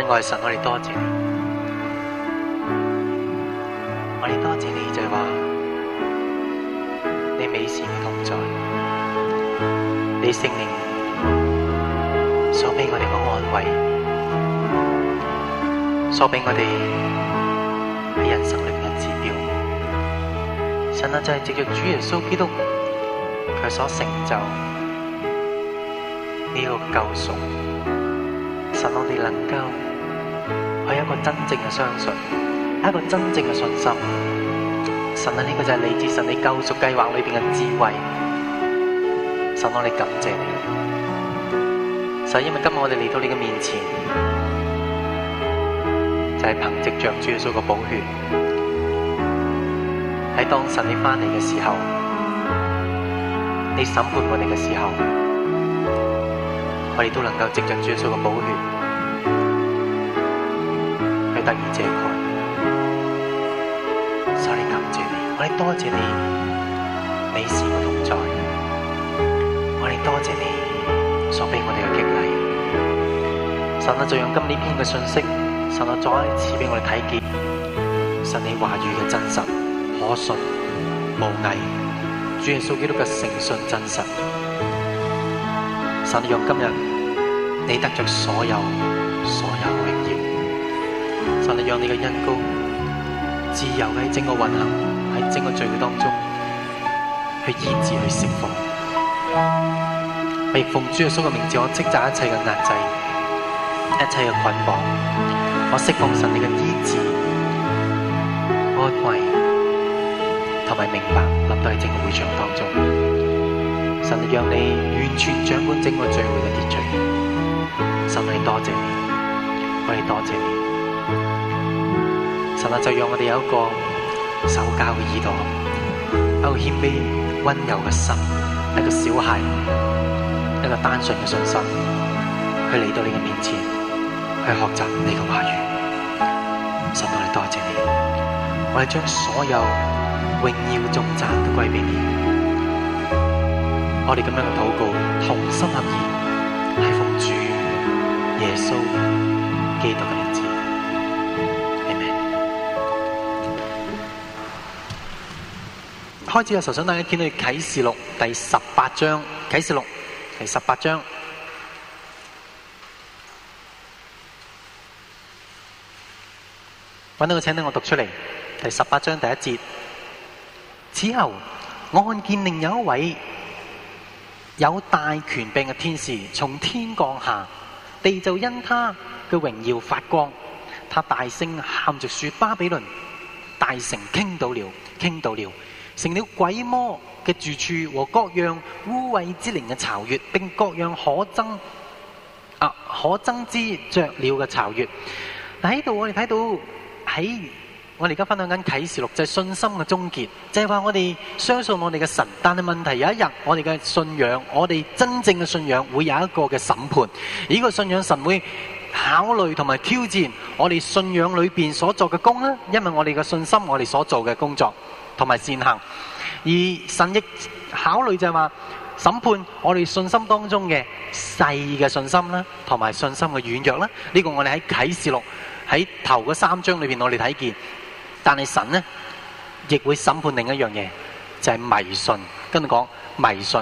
恩愛神，我哋多謝你，我哋多謝你，就係話你美善嘅同在，你聖靈所俾我哋嘅安慰，所俾我哋喺人生裡嘅指標。神啊，就係藉着主耶穌基督，佢所成就呢個救贖，使我哋能夠。佢係一個真正嘅相信，係一個真正嘅信心。神啊，呢個就係你自神你救贖計劃裏邊嘅智慧。神，我哋感謝你。就係因為今日我哋嚟到你嘅面前，就係、是、憑借着主耶穌嘅寶血。喺當神你翻嚟嘅時候，你審判我哋嘅時候，我哋都能夠籍着主耶穌嘅寶血。特以，謝佢、這個，上帝感謝你，我哋多謝你，你是我同在，我哋多謝你所俾我哋嘅激勵。神啊，就用今日呢篇嘅信息，神啊，再一次俾我哋睇見神你話語嘅真實可信無偽，主耶穌基督嘅誠信真實。神啊，用今日你得着所有。神，你讓你嘅恩膏自由喺整個運行，喺整個聚會當中去醫治、去釋放。我亦奉主耶穌嘅名字，我斥責一切嘅壓制、一切嘅捆綁，我釋放神你嘅醫治、安慰同埋明白，臨到喺整個會場當中。神，你讓你完全掌管整個聚會嘅秩序。神，我哋多謝你，我哋多謝你。神啊，就讓我哋有一個受教嘅耳朵，有一個謙卑溫柔嘅心，一個小孩，一個單純嘅信心，去嚟到，你嘅面前，去學習你嘅話語。神啊，你多謝你，我哋將所有榮耀頌讚都歸俾你。我哋咁樣嘅禱告，同心合意，係奉主耶穌基督嘅名。開始啊！候，想大家見到啟示錄第十八章，啟示錄第十八章，搵到個請單，我讀出嚟。第十八章第一節，此後我看見另一位有大權柄嘅天使從天降下，地就因他嘅榮耀發光。他大聲喊着說：巴比倫大城傾倒了，傾倒了！成了鬼魔嘅住處和各樣污穢之靈嘅巢穴，並各樣可憎、啊、可憎之雀鳥嘅巢穴。喺度我哋睇到喺我哋而家分享緊啟示錄就係、是、信心嘅終結，就係、是、話我哋相信我哋嘅神，但係問題有一日我哋嘅信仰，我哋真正嘅信仰會有一個嘅審判。呢個信仰神會考慮同埋挑戰我哋信仰裏邊所做嘅工呢，因為我哋嘅信心我哋所做嘅工作。同埋善行，而神亦考慮就係話審判我哋信心當中嘅細嘅信心啦，同埋信心嘅軟弱啦。呢個我哋喺啟示錄喺頭嗰三章裏邊我哋睇見，但係神咧亦會審判另一樣嘢，就係迷信。跟住講迷信，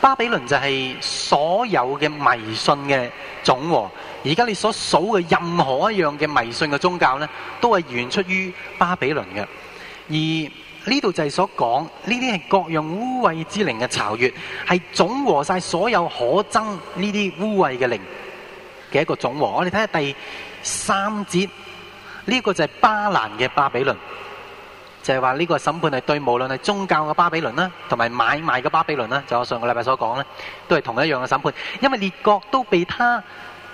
巴比倫就係所有嘅迷信嘅總和。而家你所數嘅任何一樣嘅迷信嘅宗教咧，都係源出於巴比倫嘅。而呢度就係所講，呢啲係各樣污穢之靈嘅巢穴，係總和曬所有可憎呢啲污穢嘅靈嘅一個總和。我哋睇下第三節，呢個就係巴蘭嘅巴比倫，就係話呢個審判係對無論係宗教嘅巴比倫啦，同埋買賣嘅巴比倫啦，就我上個禮拜所講咧，都係同一樣嘅審判，因為列國都被他。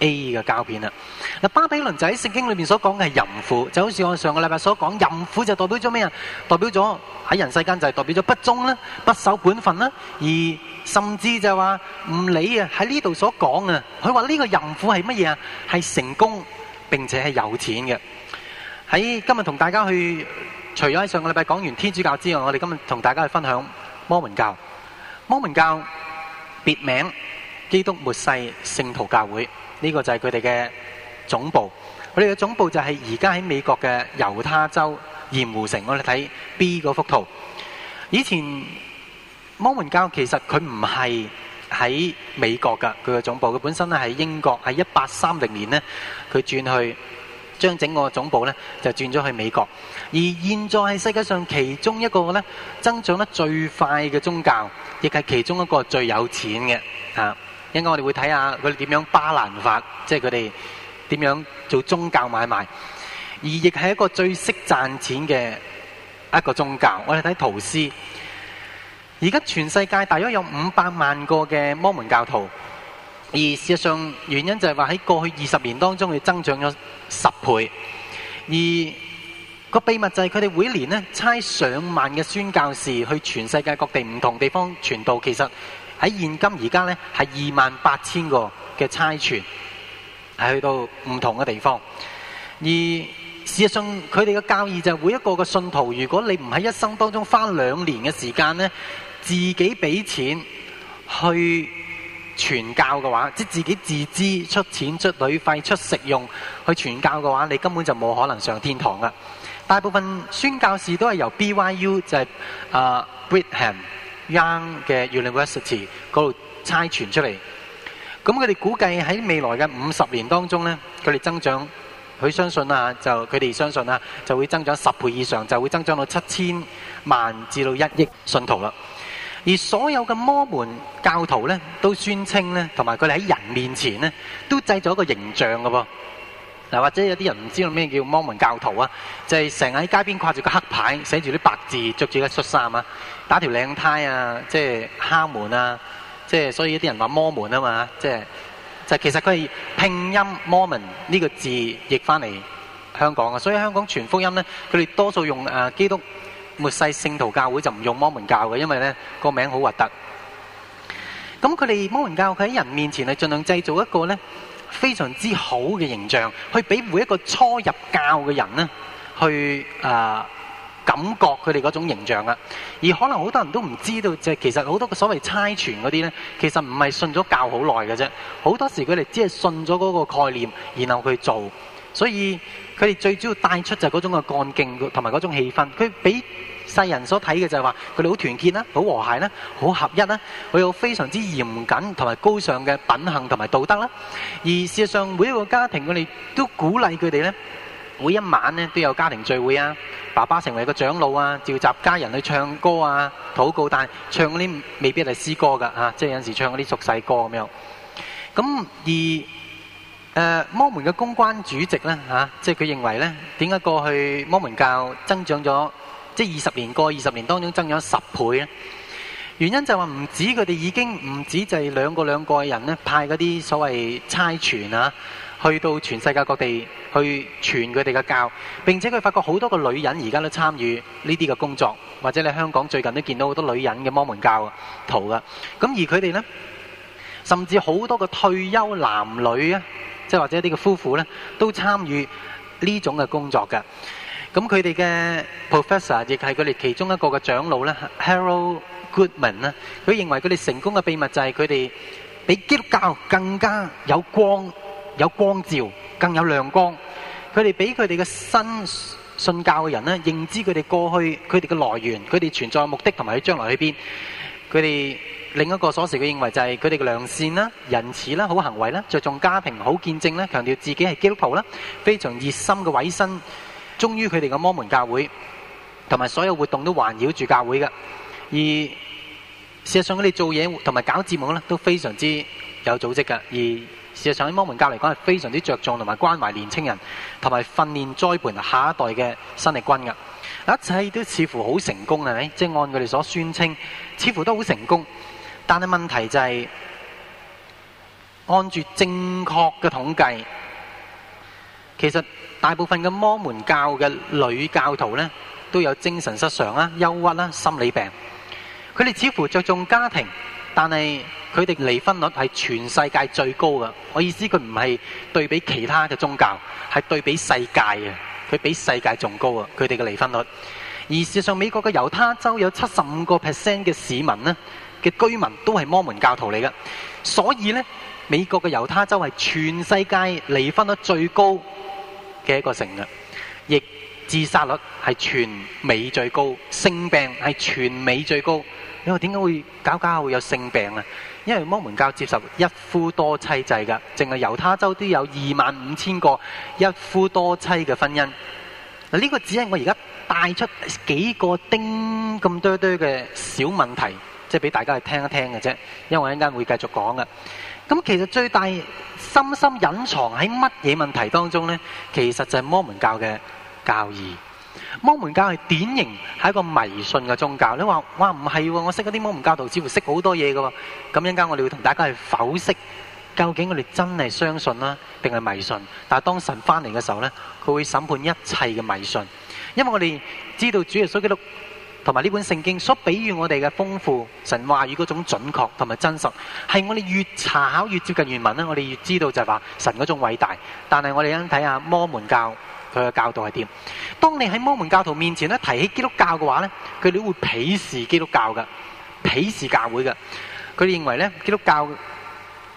A 嘅膠片啦，嗱，巴比倫就喺聖經裏面所講嘅係淫婦，就好似我上個禮拜所講，淫婦就代表咗咩啊？代表咗喺人世間就係代表咗不忠啦，不守本分啦，而甚至就話唔理啊！喺呢度所講啊，佢話呢個淫婦係乜嘢啊？係成功並且係有錢嘅。喺今日同大家去除咗喺上個禮拜講完天主教之外，我哋今日同大家去分享摩門教。摩門教別名基督末世聖徒教會。呢個就係佢哋嘅總部。佢哋嘅總部就係而家喺美國嘅猶他州鹽湖城。我哋睇 B 嗰幅圖。以前摩門教其實佢唔係喺美國㗎，佢嘅總部佢本身咧喺英國。喺一八三零年呢，佢轉去將整個總部呢就轉咗去美國。而現在係世界上其中一個呢增長得最快嘅宗教，亦係其中一個最有錢嘅啊！應該我哋會睇下佢哋點樣巴蘭法，即係佢哋點樣做宗教買賣，而亦係一個最識賺錢嘅一個宗教。我哋睇圖斯，而家，全世界大約有五百萬個嘅摩門教徒，而事實上原因就係話喺過去二十年當中，佢增長咗十倍。而個秘密就係佢哋每年呢，差上萬嘅宣教士去全世界各地唔同地方傳道，其實。喺現今而家呢，係二萬八千個嘅差傳，係去到唔同嘅地方。而事實上，佢哋嘅教義就係、每一個嘅信徒，如果你唔喺一生當中花兩年嘅時間呢，自己俾錢去傳教嘅話，即是自己自資出錢、出旅費、出食用去傳教嘅話，你根本就冇可能上天堂噶。大部分宣教士都係由 B Y U 就係、是、啊、uh, Brigham Young University 嗰度猜傳出嚟，咁佢哋估計喺未來嘅五十年當中咧，佢哋增長，佢相信啊，就佢哋相信啊，就會增長十倍以上，就會增長到七千萬至到一億信徒啦。而所有嘅摩門教徒咧，都宣稱咧，同埋佢哋喺人面前咧，都製造一個形象嘅噃。嗱，或者有啲人唔知道咩叫摩門教徒啊，就係成日喺街邊掛住個黑牌，寫住啲白字，着住一恤衫啊。打條靚呔啊，即係敲門啊。即係所以一啲人話摩門啊嘛。即係就其實佢係拼音摩門呢個字譯翻嚟香港啊。所以香港全福音咧，佢哋多數用誒基督末世聖徒教會，就唔用摩門教嘅，因為咧個名好核突。咁佢哋摩門教，佢喺人面前係盡量製造一個咧非常之好嘅形象，去俾每一個初入教嘅人咧去誒。感覺佢哋嗰種形象啊，而可能好多人都唔知道，即係其實好多所謂差傳嗰啲呢，其實唔係信咗教好耐嘅啫。好多時佢哋只係信咗嗰個概念，然後去做。所以佢哋最主要帶出就係嗰種嘅幹勁同埋嗰種氣氛。佢俾世人所睇嘅就係話，佢哋好團結啦，好和諧啦，好合一啦，佢有非常之嚴謹同埋高尚嘅品行同埋道德啦。而事實上，每一個家庭佢哋都鼓勵佢哋呢。每一晚咧都有家庭聚會啊，爸爸成為一個長老啊，召集家人去唱歌啊、禱告，但係唱嗰啲未必係詩歌㗎嚇、啊，即係有陣時唱嗰啲俗世歌咁樣。咁而誒、呃、摩門嘅公關主席咧嚇、啊，即係佢認為咧，點解過去摩門教增長咗，即係二十年過二十年當中增長咗十倍咧？原因就話唔止佢哋已經唔止就係兩個兩個人咧派嗰啲所謂差傳啊。，去到全世界各地去傳佢哋嘅教。並且佢發覺好多個女人而家都參與呢啲嘅工作，或者你香港最近都見到好多女人嘅摩門教徒啦。咁而佢哋呢，甚至好多個退休男女啊，即係或者一啲嘅夫婦呢，都參與呢種嘅工作嘅。咁佢哋嘅 professor 亦係佢哋其中一個嘅長老呢 Harold Goodman 啦，佢認為佢哋成功嘅秘密就係佢哋比基督教更加有光有光照，更有亮光。佢哋俾佢哋嘅新信教嘅人咧，認知佢哋過去、佢哋嘅來源、佢哋存在目的同埋佢將來去邊。佢哋另一個鎖匙嘅認為就係佢哋嘅良善啦、仁慈啦、好行為啦、着重家庭、好見證咧，強調自己係基督徒啦，非常熱心嘅委身，忠於佢哋嘅摩門教會，同埋所有活動都環繞住教會嘅。而事實上，佢哋做嘢同埋搞節目咧都非常之有組織嘅。而事實上，喺摩門教嚟講係非常之着重同埋關懷年青人，同埋訓練栽培下一代嘅生力軍嘅。一切都似乎好成功，係咪？即係按佢哋所宣稱，似乎都好成功。但係問題就係，按住正確嘅統計，其實大部分嘅摩門教嘅女教徒呢，都有精神失常啦、憂鬱啦、心理病。佢哋似乎着重家庭。但係佢哋離婚率係全世界最高噶，我意思佢唔係對比其他嘅宗教，係對比世界嘅，佢比世界仲高啊！佢哋嘅離婚率，而事實上美國嘅猶他州有七十五個 percent 嘅市民呢嘅居民都係摩門教徒嚟噶，所以呢，美國嘅猶他州係全世界離婚率最高嘅一個城啦，亦自殺率係全美最高，性病係全美最高。因為點解會搞搞下會有性病啊？因為摩門教接受一夫多妻制噶，淨係猶他州都有二萬五千個一夫多妻嘅婚姻。嗱，呢個只係我而家帶出幾個丁咁多堆嘅小問題，即係俾大家去聽一聽嘅啫。因為我一陣間會繼續講噶。咁其實最大深深隱藏喺乜嘢問題當中呢？其實就係摩門教嘅教義。摩門教係典型係一個迷信嘅宗教。你話哇唔係喎，我識嗰啲摩門教徒，似乎識好多嘢㗎。咁一陣間我哋會同大家去剖析，究竟我哋真係相信啦，定係迷信？但係當神翻嚟嘅時候呢，佢會審判一切嘅迷信。因為我哋知道主耶穌基督同埋呢本聖經所比喻我哋嘅豐富神話語嗰種準確同埋真實，係我哋越查考越接近原文呢，我哋越知道就係話神嗰種偉大。但係我哋一睇下摩門教。佢嘅教導係點？當你喺摩門教徒面前咧，提起基督教嘅話咧，佢哋會鄙視基督教嘅，鄙視教會嘅。佢哋認為咧，基督教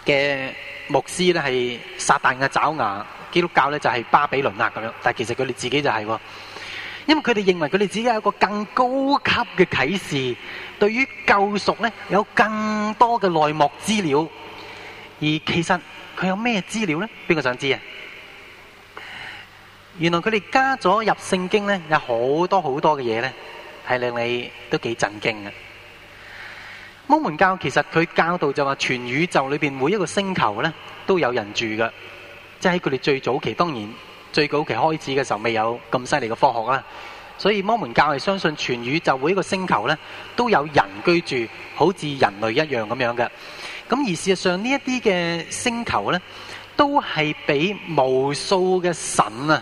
嘅牧師咧係撒旦嘅爪牙，基督教咧就係巴比倫啊咁樣。但係其實佢哋自己就係喎，因為佢哋認為佢哋自己有一個更高級嘅啟示，對於救贖咧有更多嘅內幕資料。而其實佢有咩資料咧？邊個想知啊？原來佢哋加咗入聖經呢，有好多好多嘅嘢呢，係令你都幾震驚嘅。摩門教其實佢教導就話，全宇宙裏邊每一個星球呢，都有人住嘅，即係佢哋最早期，當然最早期開始嘅時候未有咁犀利嘅科學啦。所以摩門教係相信全宇宙每一個星球呢，都有人居住，好似人類一樣咁樣嘅。咁而事實上呢一啲嘅星球呢，都係俾無數嘅神啊！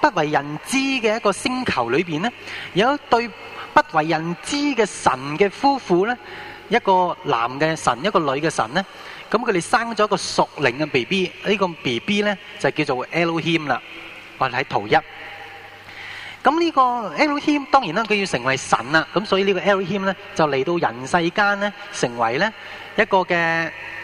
不為人知嘅一個星球裏邊咧，有一對不為人知嘅神嘅夫婦咧，一個男嘅神，一個女嘅神咧，咁佢哋生咗一個屬靈嘅 B B，呢個 B B 呢就叫做 Elohim 啦，我哋喺圖一，咁呢個 Elohim 當然啦佢要成為神啦，咁所以這個、e、呢個 Elohim 咧就嚟到人世間呢，成為呢一個嘅。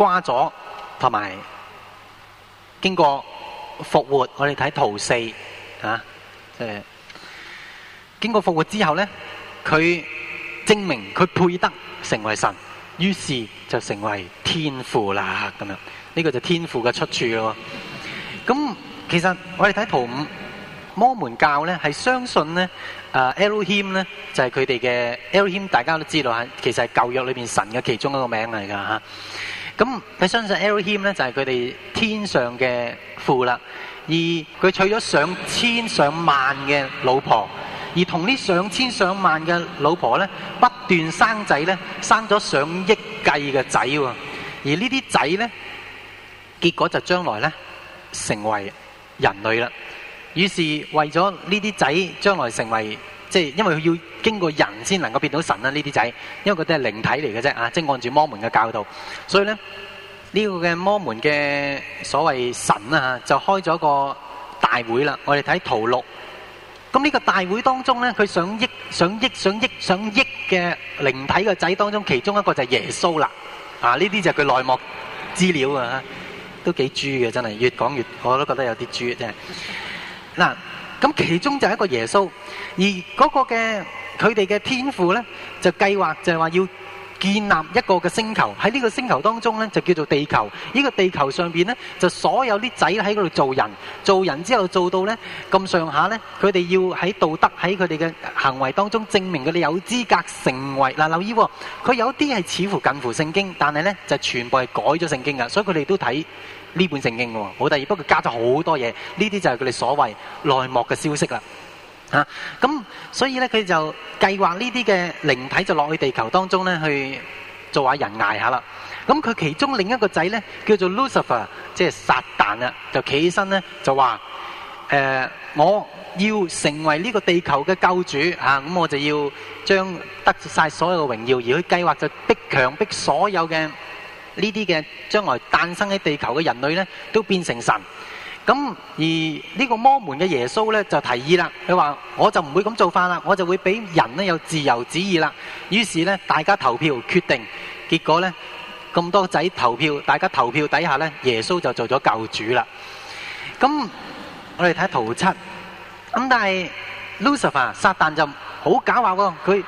瓜咗，同埋經過復活，我哋睇圖四啊，即係經過復活之後咧，佢證明佢配得成為神，於是就成為天父啦咁樣。呢個就天父嘅出處咯。咁其實我哋睇圖五，摩門教咧係相信咧，啊 Elohim 咧就係佢哋嘅 Elohim，大家都知道係，其實係舊約裏邊神嘅其中一個名嚟噶吓。咁你相信亞當咧，就係佢哋天上嘅父啦，而佢娶咗上千上萬嘅老婆，而同呢上千上萬嘅老婆咧不斷生仔咧，生咗上億計嘅仔喎，而呢啲仔咧結果，就將來咧成為人類啦，於是為咗呢啲仔將來成為。即係因為佢要經過人先能夠變到神啦，呢啲仔，因為佢都係靈體嚟嘅啫啊！即係按住摩門嘅教導，所以咧呢個嘅摩門嘅所謂神啊，就開咗個大會啦。我哋睇圖六，咁呢個大會當中咧，佢上億、上億、上億、上億嘅靈體嘅仔當中，其中一個就係耶穌啦。啊，呢啲就係佢內幕資料啊，都幾豬嘅真係，越講越我都覺得有啲豬真係嗱。咁其中就係一個耶穌，而嗰個嘅佢哋嘅天父咧，就計劃就係話要建立一個嘅星球，喺呢個星球當中咧就叫做地球。呢個地球上邊咧就所有啲仔喺嗰度做人，做人之後做到咧咁上下咧，佢哋要喺道德喺佢哋嘅行為當中證明佢哋有資格成為。嗱，留意佢有啲係似乎近乎聖經，但係咧就全部係改咗聖經㗎，所以佢哋都睇。呢本聖經喎，好得意，不過加咗好多嘢。呢啲就係佢哋所謂內幕嘅消息啦。啊，咁所以咧佢就計劃呢啲嘅靈體就落去地球當中咧，去做人下人挨下啦。咁、啊、佢其中另一個仔咧叫做 Lucifer，即係撒旦啊，就企起身咧就話：誒、呃，我要成為呢個地球嘅救主啊！咁我就要將得晒所有嘅榮耀，而佢計劃就逼強逼所有嘅。呢啲嘅將來誕生喺地球嘅人類咧，都變成神。咁而呢個摩門嘅耶穌咧，就提議啦。佢話：我就唔會咁做法啦，我就會俾人咧有自由旨意啦。於是咧，大家投票決定，結果咧咁多仔投票，大家投票底下咧，耶穌就做咗救主啦。咁我哋睇圖七。咁但係 Lucifer 撒旦就好狡猾喎，佢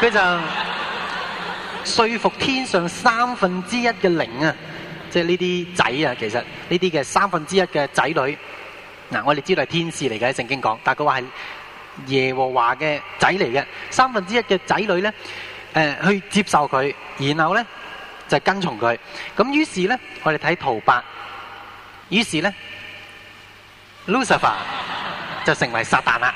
佢就，說服天上三分之一嘅靈啊，即係呢啲仔啊，其實呢啲嘅三分之一嘅仔女，嗱、啊、我哋知道係天使嚟嘅，聖經講，但係佢話係耶和華嘅仔嚟嘅，三分之一嘅仔女咧，誒、呃、去接受佢，然後咧就跟從佢，咁於是咧我哋睇圖八，於是咧 Lucifer 就成為撒旦啦。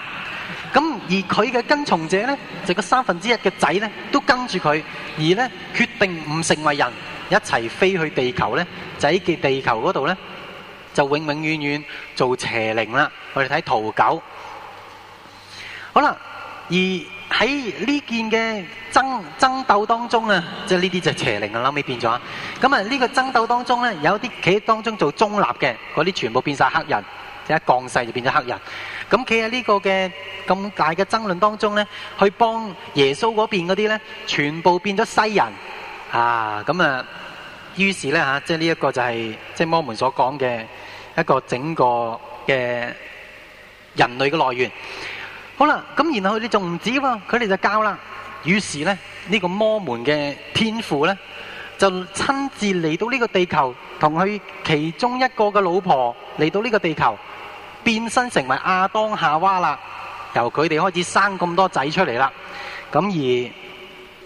咁而佢嘅跟從者咧，就個、是、三分之一嘅仔咧，都跟住佢，而咧決定唔成為人，一齊飛去地球咧。就喺地球嗰度咧，就永永遠遠做邪靈啦。我哋睇圖九，好啦。而喺呢件嘅爭爭鬥當中啊，即係呢啲就邪靈啊，後尾變咗。咁啊，呢個爭鬥當中咧，有啲企喺當中做中立嘅，嗰啲全部變晒黑人，即一降世就變咗黑人。咁企喺呢個嘅咁大嘅爭論當中咧，去幫耶穌嗰邊嗰啲咧，全部變咗西人啊！咁啊，於是咧嚇，即係呢一個就係即係摩門所講嘅一個整個嘅人類嘅來源。好啦，咁然後佢哋仲唔止喎，佢哋就交啦。於是咧，呢個摩門嘅天父咧，就親自嚟到呢個地球，同佢其中一個嘅老婆嚟到呢個地球。變身成為亞當夏娃啦，由佢哋開始生咁多仔出嚟啦。咁而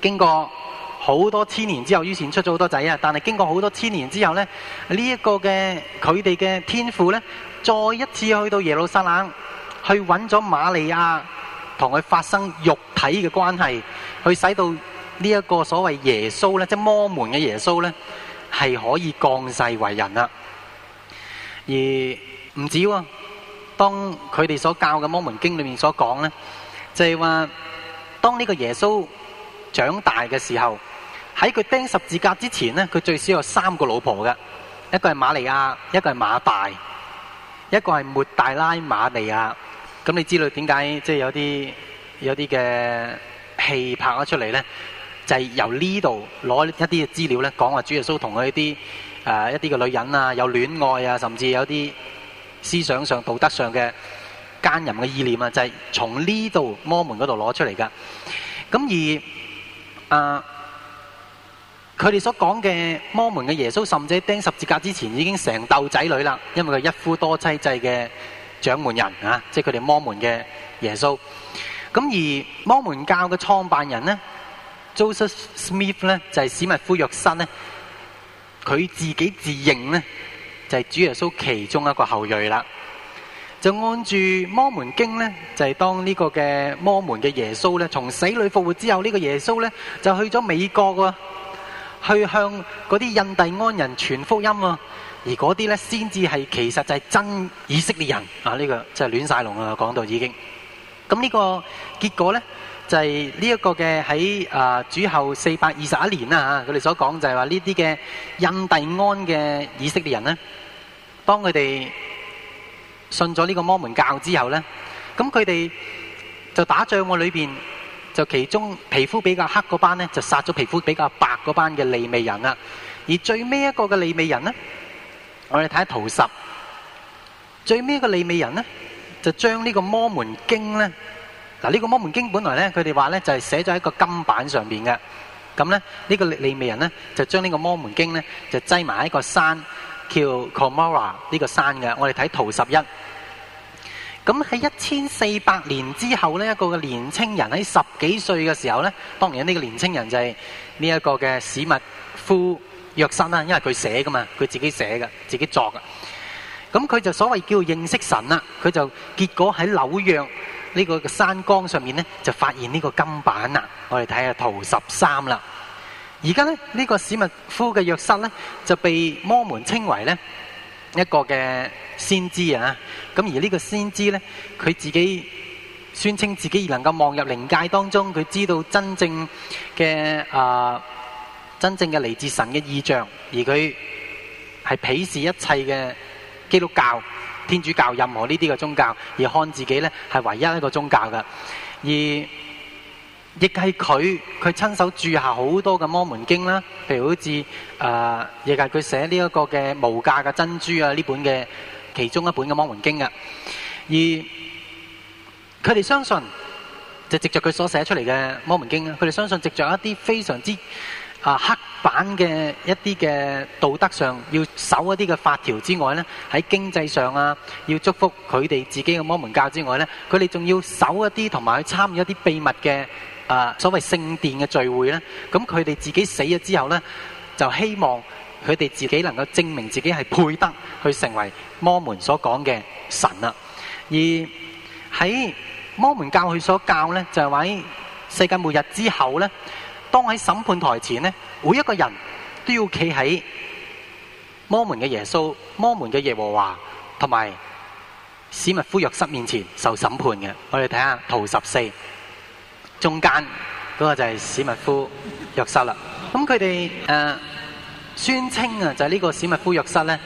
經過好多千年之後，以前出咗好多仔啊。但係經過好多千年之後呢，呢、這、一個嘅佢哋嘅天父呢，再一次去到耶路撒冷，去揾咗瑪利亞，同佢發生肉體嘅關係，去使到呢一個所謂耶穌呢，即係摩門嘅耶穌呢，係可以降世為人啦。而唔止喎、啊。當佢哋所教嘅《摩門經》裏面所講咧，就係話，當呢個耶穌長大嘅時候，喺佢釘十字架之前咧，佢最少有三個老婆嘅，一個係瑪利亞，一個係馬大，一個係抹大拉瑪利亞。咁你知道點解即係有啲有啲嘅戲拍咗出嚟咧？就係由呢度攞一啲資料咧，講話，主耶穌同佢啲誒一啲嘅女人啊有戀愛啊，甚至有啲。思想上、道德上嘅奸淫嘅意念，就是，從這裏那裏拿啊，就係從呢度摩門嗰度攞出嚟噶。咁而啊，佢哋所講嘅摩門嘅耶穌，甚至釘十字架之前已經成斗仔女啦，因為佢一夫多妻制嘅掌門人啊，即係佢哋摩門嘅耶穌。咁而摩門教嘅創辦人呢 Joseph Smith 咧就係，是，史密夫約瑟咧，佢自己自認咧。就係主耶穌其中一個後裔啦，就按住摩門經咧，就係當呢個嘅摩門嘅耶穌咧，從死裏復活之後，呢個耶穌咧就去咗美國喎，啊，去向嗰啲印第安人傳福音啊，而嗰啲咧先至係其實就係真以色列人啊，呢個即係亂晒龍啊，講到已經，咁呢個結果咧就係呢一個嘅喺啊主後四百二十一年啦吓，佢哋所講就係話呢啲嘅印第安嘅以色列人咧。當佢哋信咗呢個摩門教之後咧，咁佢哋就打仗喎，裏邊就其中皮膚比較黑嗰班咧，就殺咗皮膚比較白嗰班嘅利未人啦。而最尾一個嘅利未人咧，我哋睇下圖十，最尾一個利未人咧，就將呢個摩門經咧，嗱，呢個摩門經本來咧，佢哋話咧就係寫咗喺個金板上邊嘅，咁咧呢個利未人咧就將呢個摩門經咧就擠埋喺個山。叫 Cumorah 呢個山嘅，我哋睇圖十一。咁喺一千四百年之後呢，一個嘅年青人喺十幾歲嘅時候呢，當然呢個年青人就係呢一個嘅史密夫約瑟啦，因為佢寫噶嘛，佢自己寫嘅，自己作嘅。咁佢就所謂叫認識神啦，佢就結果喺紐約呢個山崗上面呢，就發現呢個金板啦。我哋睇下圖十三啦。而家咧，呢個史密夫嘅約瑟咧，就被摩門稱為咧一個嘅先知啊！咁而呢個先知咧，佢自己宣稱自己能夠望入靈界當中，佢知道真正嘅，呃、真正嘅嚟自神嘅意象，而佢係鄙視一切嘅基督教、天主教、任何呢啲嘅宗教，而看自己咧係唯一一個宗教嘅，而。亦係佢，佢親手著下好多嘅《摩門經》啦，譬如好似啊，亦係佢寫呢一個嘅無價嘅珍珠啊，呢本嘅其中一本嘅《摩門經》噶。而佢哋相信，就藉着佢所寫出嚟嘅《摩門經》，佢哋相信藉着一啲非常之啊黑板，嘅一啲嘅道德上要守一啲嘅法條之外咧，喺經濟上啊要祝福佢哋自己嘅摩門教之外咧，佢哋仲要守一啲同埋去參與一啲秘密嘅。啊！所謂聖殿嘅聚會咧，咁佢哋自己死咗之後咧，就希望佢哋自己能夠證明自己係配得去成為摩門所講嘅神啦。而喺摩門教佢所教咧，就係話喺世界末日之後咧，當喺審判台前咧，每一個人都要企喺摩門嘅耶穌、摩門嘅耶和華同埋史密夫約瑟面前受審判嘅。我哋睇下圖十四。中間嗰、那個就係史密夫約瑟啦，咁佢哋誒宣稱啊，就係、是、呢個史密夫約瑟咧，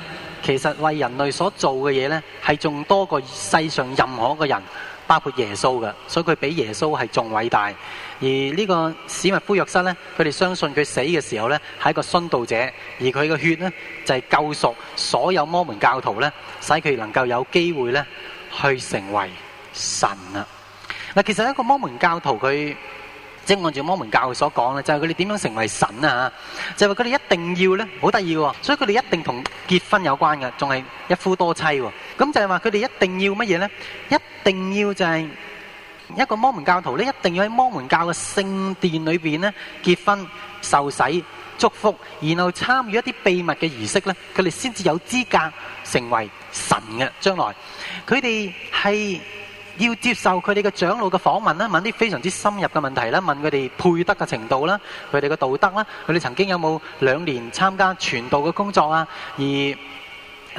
其實為人類所做嘅嘢咧，係仲多過世上任何一個人，包括耶穌噶，所以佢比耶穌係仲偉大。而呢個史密夫約瑟咧，佢哋相信佢死嘅時候咧，係一個殉道者，而佢嘅血咧就係、是、救贖所有摩門教徒咧，使佢能夠有機會咧去成為神啊。嗱，其實一個摩門教徒佢即係按照摩門教所講咧，就係佢哋點樣成為神啊？嚇，就係佢哋一定要咧，好得意喎！所以佢哋一定同結婚有關嘅，仲係一夫多妻喎。咁就係話佢哋一定要乜嘢咧？一定要就係一個摩門教徒咧，一定要喺摩門教嘅聖殿裏邊咧結婚、受洗、祝福，然後參與一啲秘密嘅儀式咧，佢哋先至有資格成為神嘅。將來佢哋係，要接受佢哋嘅長老嘅訪問啦，問啲非常之深入嘅問題啦，問佢哋配得嘅程度啦，佢哋嘅道德啦，佢哋曾經有冇兩年參加傳道嘅工作啊？而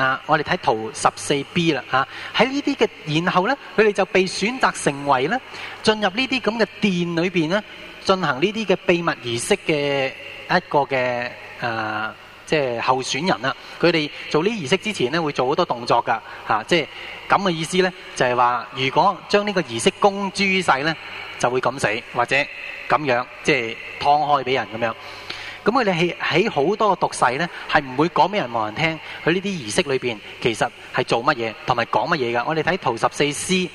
啊，我哋睇圖十四 B 啦啊，喺呢啲嘅然後呢佢哋就被選擇成為咧進入呢啲咁嘅殿裏邊咧，進行呢啲嘅秘密儀式嘅一個嘅啊，即係候選人啊！佢哋做呢啲儀式之前咧，會做好多動作噶嚇、啊，即係。咁嘅意思呢，就係、是、話，如果將呢個儀式公諸於世呢，就會咁死，或者咁樣，即係劏開俾人咁樣。咁佢哋喺喺好多個毒誓呢，係唔會講俾人望人聽佢呢啲儀式裏面，其實係做乜嘢同埋講乜嘢㗎。我哋睇圖十四 C，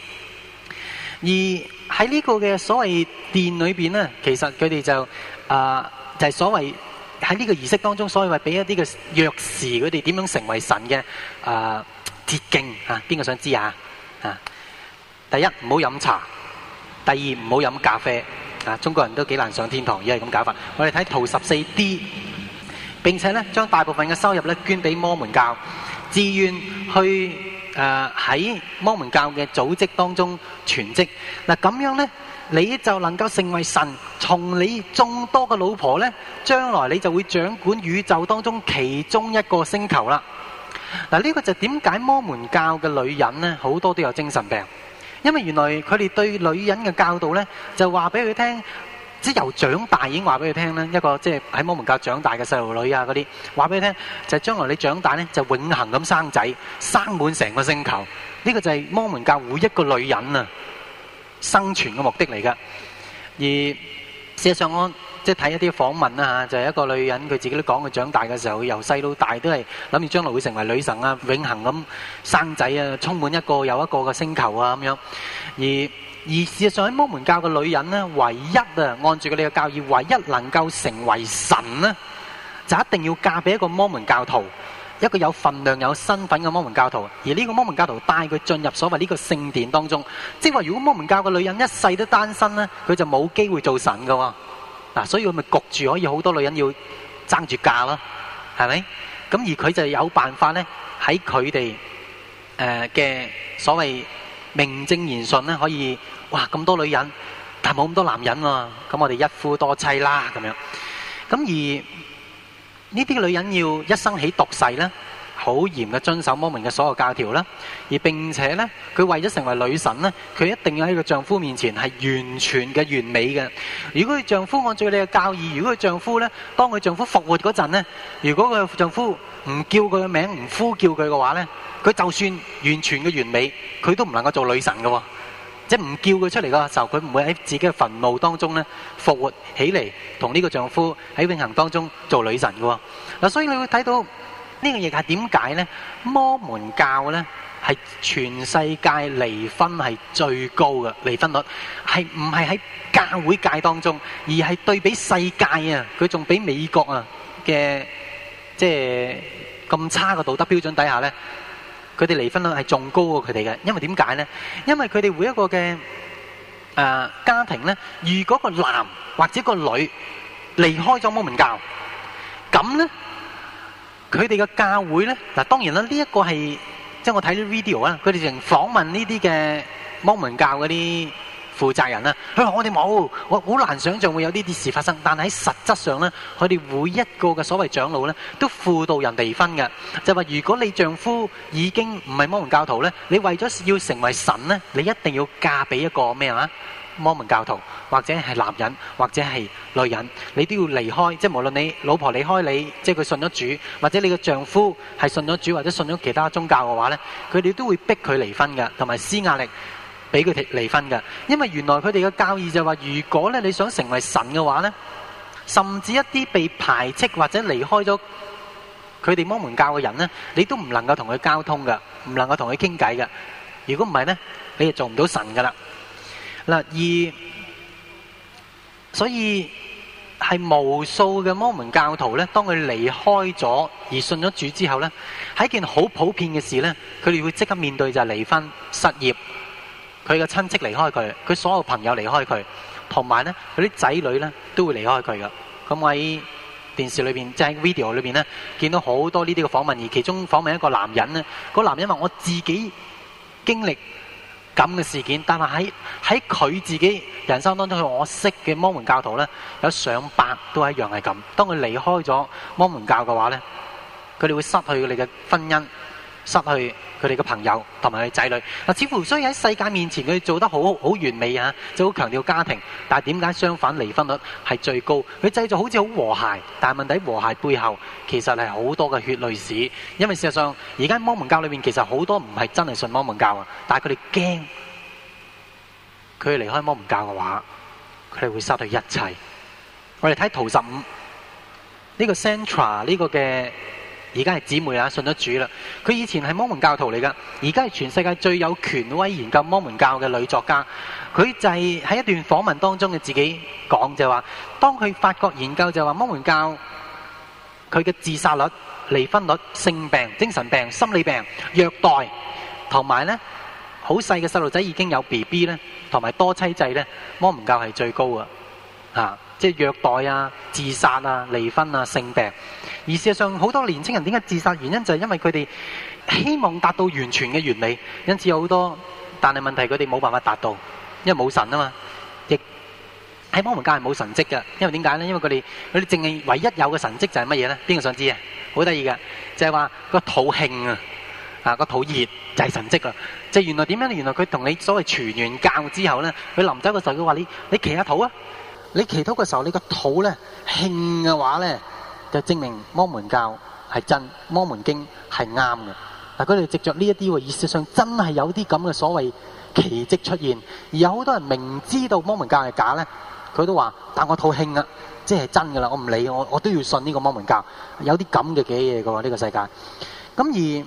而喺呢個嘅所謂殿裏面呢，其實佢哋就啊、呃、就係、是、所謂喺呢個儀式當中，所謂俾一啲嘅約誓，佢哋點樣成為神嘅啊？呃捷徑啊！邊個想知啊？啊！第一唔好飲茶，第二唔好飲咖啡。啊！中國人都幾難上天堂，而個係咁搞法。我哋睇圖十四 D，並且咧將大部分嘅收入咧捐俾摩門教，自願去誒喺、呃、摩門教嘅組織當中全職。嗱、啊、咁樣呢，你就能夠成為神，從你眾多嘅老婆呢，將來你就會掌管宇宙當中其中一個星球啦。嗱，呢個就點解摩門教嘅女人咧，好多都有精神病？因為原來佢哋對女人嘅教導咧，就話俾佢聽，即係由長大已經話俾佢聽咧，一個即係喺摩門教長大嘅細路女啊，嗰啲話俾佢聽，就將來你長大咧，就永恆咁生仔，生滿成個星球。呢個就係摩門教每一個女人啊生存嘅目的嚟噶。而事實上我。即係睇一啲訪問啦嚇，就係一個女人佢自己都講，佢長大嘅時候，佢由細到大都係諗住將來會成為女神啊，永恆咁生仔啊，充滿一個又一個嘅星球啊咁樣。而而事實上喺摩門教嘅女人咧，唯一啊按住佢哋嘅教義，唯一能夠成為神咧，就一定要嫁俾一個摩門教徒，一個有份量有身份嘅摩門教徒。而呢個摩門教徒帶佢進入所謂呢個聖殿當中，即係話如果摩門教嘅女人一世都單身咧，佢就冇機會做神㗎喎。嗱，所以佢咪焗住可以好多女人要爭住嫁咯，係咪？咁而佢就有辦法咧，喺佢哋誒嘅所謂名正言順咧，可以，哇，咁多女人，但冇咁多男人喎，咁我哋一夫多妻啦咁樣。咁而呢啲女人要一生起毒誓咧。好嚴嘅遵守摩門嘅所有教條啦，而並且呢，佢為咗成為女神呢，佢一定要喺佢丈夫面前係完全嘅完美嘅。如果佢丈夫按照你嘅教義，如果佢丈夫呢，當佢丈夫復活嗰陣呢，如果佢丈夫唔叫佢嘅名，唔呼叫佢嘅話呢，佢就算完全嘅完美，佢都唔能夠做女神嘅。即係唔叫佢出嚟嘅時候，佢唔會喺自己嘅墳墓當中呢，復活起嚟，同呢個丈夫喺永恆當中做女神嘅。嗱，所以你會睇到。呢個嘢係點解呢？摩門教呢係全世界離婚係最高嘅離婚率，係唔係喺教會界當中，而係對比世界啊，佢仲比美國啊嘅即係咁差嘅道德標準底下呢，佢哋離婚率係仲高過佢哋嘅。因為點解呢？因為佢哋每一個嘅誒家庭呢，如果個男或者個女離開咗摩門教，咁呢。佢哋嘅教會咧，嗱，當然啦，呢一個係即係我睇啲 video 啊，佢哋成訪問呢啲嘅摩門教嗰啲負責人啊，佢話我哋冇，我好難想象會有呢啲事發生，但係喺實質上咧，佢哋每一個嘅所謂長老咧，都輔導人離婚嘅，就話如果你丈夫已經唔係摩門教徒咧，你為咗要成為神咧，你一定要嫁俾一個咩啊？摩門教徒，或者係男人，或者係女人，你都要離開。即係無論你老婆離開你，即係佢信咗主，或者你嘅丈夫係信咗主，或者信咗其他宗教嘅話咧，佢哋都會逼佢離婚嘅，同埋施壓力俾佢哋離婚嘅。因為原來佢哋嘅教義就話，如果咧你想成為神嘅話咧，甚至一啲被排斥或者離開咗佢哋摩門教嘅人咧，你都唔能夠同佢交通噶，唔能夠同佢傾偈噶。如果唔係咧，你就做唔到神噶啦。嗱，而所以係無數嘅摩門教徒咧，當佢離開咗而信咗主之後咧，係一件好普遍嘅事咧。佢哋會即刻面對就係離婚、失業，佢嘅親戚離開佢，佢所有朋友離開佢，同埋咧佢啲仔女咧都會離開佢噶。咁我喺電視裏邊，即係 video 裏邊咧，見到好多呢啲嘅訪問，而其中訪問一個男人咧，個男人話：我自己經歷，咁嘅事件，但係喺喺佢自己人生當中，我識嘅摩門教徒呢，有上百都係一樣係咁。當佢離開咗摩門教嘅話呢，佢哋會失去佢哋嘅婚姻，失去。佢哋嘅朋友同埋佢仔女，嗱似乎所以喺世界面前佢哋做得好好完美啊，就好強調家庭。但係點解相反離婚率係最高？佢製造好似好和諧，但問題和諧背後其實係好多嘅血淚史。因為事實上而家摩門教裏面其實好多唔係真係信摩門教啊，但係佢哋驚，佢離開摩門教嘅話，佢哋會失去一切。我哋睇圖十五，呢個 Central 呢個嘅。而家係姊妹啦，信咗主啦。佢以前係摩門教徒嚟㗎，而家係全世界最有權威研究摩門教嘅女作家。佢就係喺一段訪問當中嘅自己講就話，當佢發覺研究就話摩門教佢嘅自殺率、離婚率、性病、精神病、心理病、虐待同埋呢好細嘅細路仔已經有 BB 呢，同埋多妻制呢。摩門教係最高嘅啊。即係虐待啊、自殺啊、離婚啊、性病，而事實上好多年青人點解自殺？原因就係因為佢哋希望達到完全嘅完美，因此有好多，但係問題佢哋冇辦法達到，因為冇神啊嘛。亦喺摩門教係冇神蹟嘅，因為點解咧？因為佢哋佢哋淨係唯一有嘅神蹟就係乜嘢咧？邊個想知道很有趣的、就是那個、啊？好得意嘅就係話個肚興啊，啊個肚熱就係、是、神蹟啊。即、就、係、是、原來點樣原來佢同你所謂傳完教之後咧，佢臨走嘅時候，佢話你你祈下禱啊。你祈禱嘅時候，你個肚咧興嘅話咧，就證明摩門教係真，摩門經係啱嘅。但佢哋藉著呢一啲，事實上真係有啲咁嘅所謂奇蹟出現。而有好多人明知道摩門教係假咧，佢都話，但我肚興啊，即係真㗎啦，我唔理我，我都要信呢個摩門教。有啲咁嘅嘅嘢嘅喎呢個世界。咁而。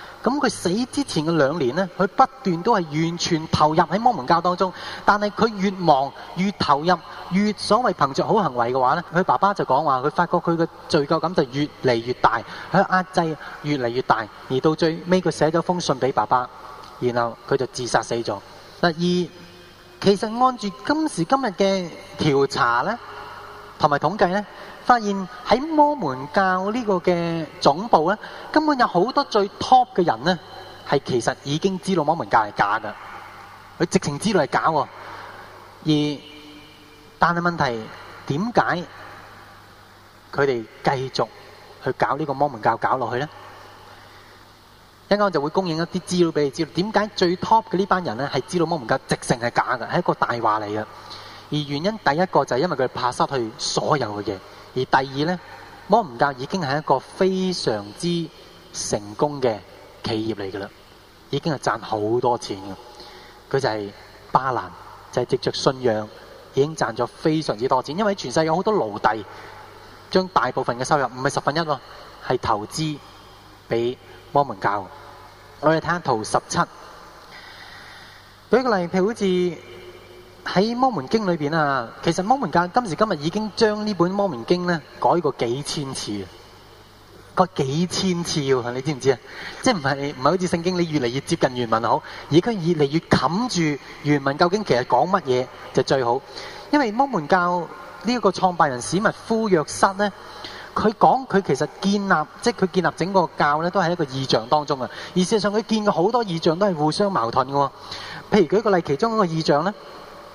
咁佢死之前嘅兩年呢，佢不斷都係完全投入喺摩門教當中，但係佢越忙越投入越所謂憑着好行為嘅話呢，佢爸爸就講話，佢發覺佢嘅罪疚感就越嚟越大，佢壓制越嚟越大，而到最尾佢寫咗封信俾爸爸，然後佢就自殺死咗。第二，其實按住今時今日嘅調查呢，同埋統計呢。發現喺摩門教呢個嘅總部咧，根本有好多最 top 嘅人咧，係其實已經知道摩門教係假噶，佢直情知道係假喎。而但係問題點解佢哋繼續去搞呢個摩門教搞落去咧？一陣間我就會供應一啲資料俾你知道，點解最 top 嘅呢班人咧係知道摩門教直情係假噶，係一個大話嚟噶。而原因第一個就係因為佢哋怕失去所有嘅嘢。而第二呢，摩門教已經係一個非常之成功嘅企業嚟噶啦，已經係賺好多錢嘅。佢就係巴蘭，就係藉著信仰已經賺咗非常之多錢，因為全世界有好多奴隸將大部分嘅收入，唔係十分一咯，係投資俾摩門教。我哋睇下圖十七，舉個例，譬如好似。喺《摩門經》裏邊啊，其實摩門教今時今日已經將呢本《摩門經》咧改過幾千次，改幾千次喎。你知唔知啊？即係唔係唔係好似聖經，你越嚟越接近原文好，而佢越嚟越冚住原文究竟其實講乜嘢就是最好。因為摩門教呢個創辦人史密夫約瑟咧，佢講佢其實建立即係佢建立整個教咧，都係一個異象當中啊。而事實上佢見嘅好多異象都係互相矛盾嘅。譬如舉個例，其中一個異象咧。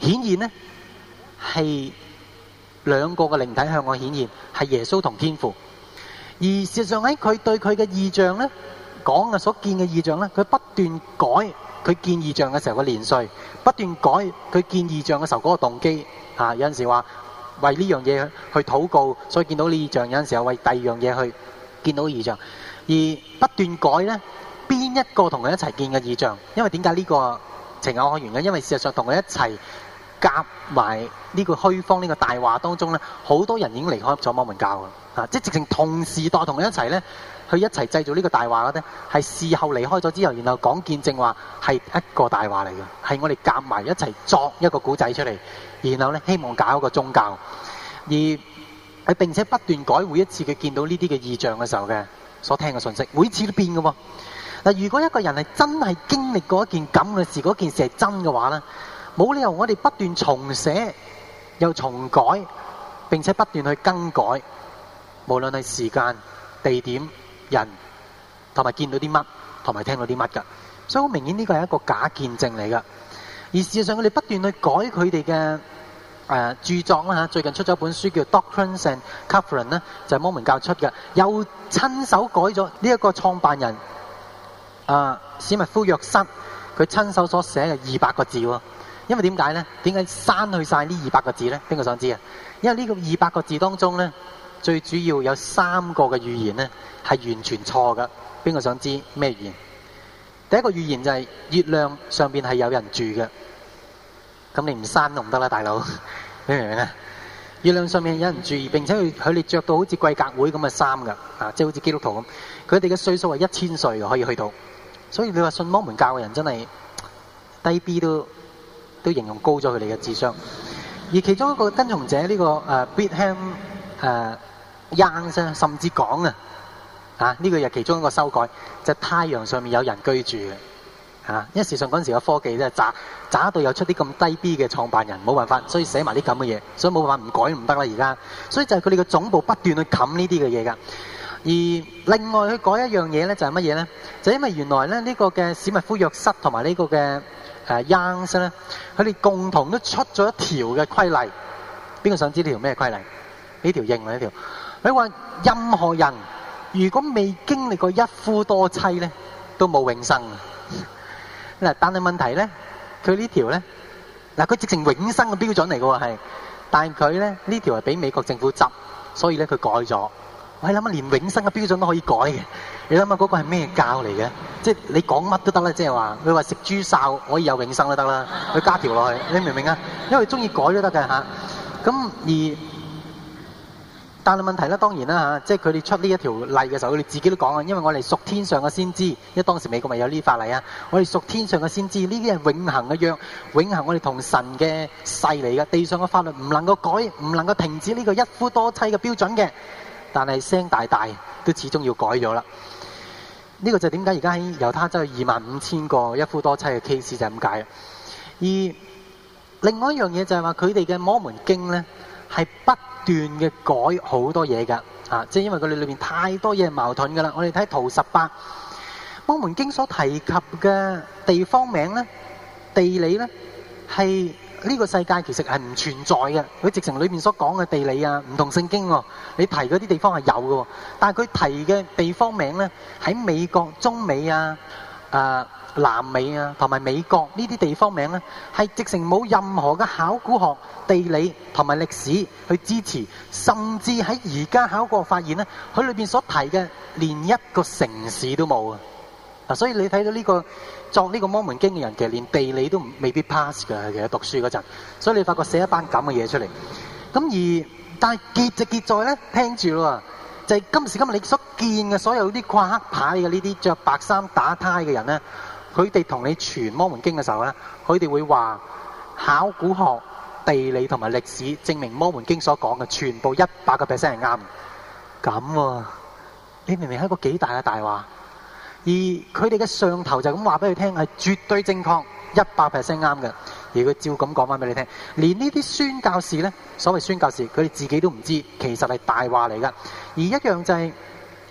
顯現呢，係兩個嘅靈體向我顯現，係耶穌同天父。而事實上喺佢對佢嘅異象呢，講嘅所見嘅異象呢，佢不斷改佢見異象嘅時候嗰年歲，不斷改佢見異象嘅時候嗰個動機。嚇，有陣時話為呢樣嘢去禱告，所以見到呢異象；有陣時候為第二樣嘢去見到異象。而不斷改呢，邊一個同佢一齊見嘅異象？因為點解呢個情有可原嘅？因為事實上同佢一齊。夾埋呢個虛謊，呢個大話當中呢，好多人已經離開咗摩門教噶啦，啊，即係直情同時代同佢一齊呢，去一齊製造呢個大話嘅呢係事後離開咗之後，然後講見證話係一個大話嚟嘅，係我哋夾埋一齊作一個古仔出嚟，然後呢，希望搞一個宗教，而佢並且不斷改換一次佢見到呢啲嘅異象嘅時候嘅所聽嘅信息，每次都變㗎喎。嗱，如果一個人係真係經歷過一件咁嘅事，嗰件事係真嘅話呢。冇理由我哋不斷重寫又重改，並且不斷去更改，無論係時間、地點、人同埋見到啲乜，同埋聽到啲乜㗎。所以好明顯呢個係一個假見證嚟㗎。而事實上，我哋不斷去改佢哋嘅誒著作啦吓。最近出咗本書叫《Doctrine and Covenants》呢，就係摩門教出嘅，又親手改咗呢一個創辦人啊史密夫約瑟佢親手所寫嘅二百個字喎。因為點解呢？點解刪去晒呢二百個字呢？邊個想知啊？因為呢個二百個字當中呢，最主要有三個嘅預言呢係完全錯噶。邊個想知咩預言？第一個預言就係月亮上面係有人住嘅。咁你唔刪都唔得啦，大佬，你明唔明啊？月亮上面有人住，並且佢哋着到好似貴格會咁嘅衫噶，啊，即係好似基督徒咁。佢哋嘅歲數係一千歲可以去到。所以你話信摩門教嘅人真係低 B 都都形容高咗佢哋嘅智商，而其中一個跟從者呢個誒 Brigham 誒 Young 啊，甚至講啊，啊呢個又其中一個修改，就係太陽上面有人居住嘅，啊，因為時尚嗰陣時嘅科技咧，渣渣到有出啲咁低 B 嘅創辦人，冇辦法，所以寫埋啲咁嘅嘢，所以冇辦法唔改唔得啦而家，所以就係佢哋嘅總部不斷去冚呢啲嘅嘢噶，而另外去改一樣嘢咧，就係乜嘢咧？就因為原來咧呢個嘅史密夫約瑟同埋呢個嘅。係，young 生咧，佢哋共同都出咗一條嘅規例。邊個想知條咩規例？呢條硬喎呢條。你話任何人如果未經歷過一夫多妻咧，都冇永生。嗱，但係問題咧，佢呢條咧，嗱佢直情永生嘅標準嚟嘅喎係，但係佢咧呢條係俾美國政府執，所以咧佢改咗。我諗啊，連永生嘅標準都可以改嘅。你諗下嗰個係咩教嚟嘅？即係你講乜都得啦，即係話佢話食豬哨可以有永生都得啦，佢加條落去，你明唔明啊？因為中意改都得㗎吓。咁而但係問題咧，當然啦吓，即係佢哋出呢一條例嘅時候，佢哋自己都講啊，因為我哋屬天上嘅先知，因為當時美國咪有呢法例啊，我哋屬天上嘅先知，呢啲係永恆嘅約，永恆我哋同神嘅誓嚟嘅，地上嘅法律唔能夠改，唔能夠停止呢個一夫多妻嘅標準嘅。但係聲大大，都始終要改咗啦。呢個就點解而家喺猶他州有二萬五千個一夫多妻嘅 case 就咁解。而另外一樣嘢就係話佢哋嘅摩門經咧，係不斷嘅改好多嘢噶。啊，即係因為佢哋裏面太多嘢矛盾噶啦。我哋睇圖十八，摩門經所提及嘅地方名咧、地理咧，係。呢個世界其實係唔存在嘅，佢直情裏面所講嘅地理啊，唔同聖經喎。你提嗰啲地方係有嘅，但係佢提嘅地方名呢，喺美國、中美啊、啊南美啊，同埋美國呢啲地方名呢，係直情冇任何嘅考古學、地理同埋歷史去支持，甚至喺而家考古發現咧，佢裏面所提嘅連一個城市都冇啊！嗱，所以你睇到呢個。作呢個《摩門經》嘅人其實連地理都未必 pass 㗎，其實讀書嗰陣，所以你發覺寫一班咁嘅嘢出嚟。咁而但係結就結在咧，聽住喎，就係、是、今時今日你所見嘅所有啲掛黑牌嘅呢啲着白衫打呔嘅人咧，佢哋同你傳《摩門經》嘅時候咧，佢哋會話考古學、地理同埋歷史證明《摩門經》所講嘅全部一百個 percent 係啱嘅。咁喎、啊，你明明係一個幾大嘅大話。而佢哋嘅上頭就咁話俾佢聽，係絕對正確，一百 percent 啱嘅。而佢照咁講翻俾你聽，連呢啲宣教士咧，所謂宣教士，佢哋自己都唔知，其實係大話嚟㗎。而一樣就係、是《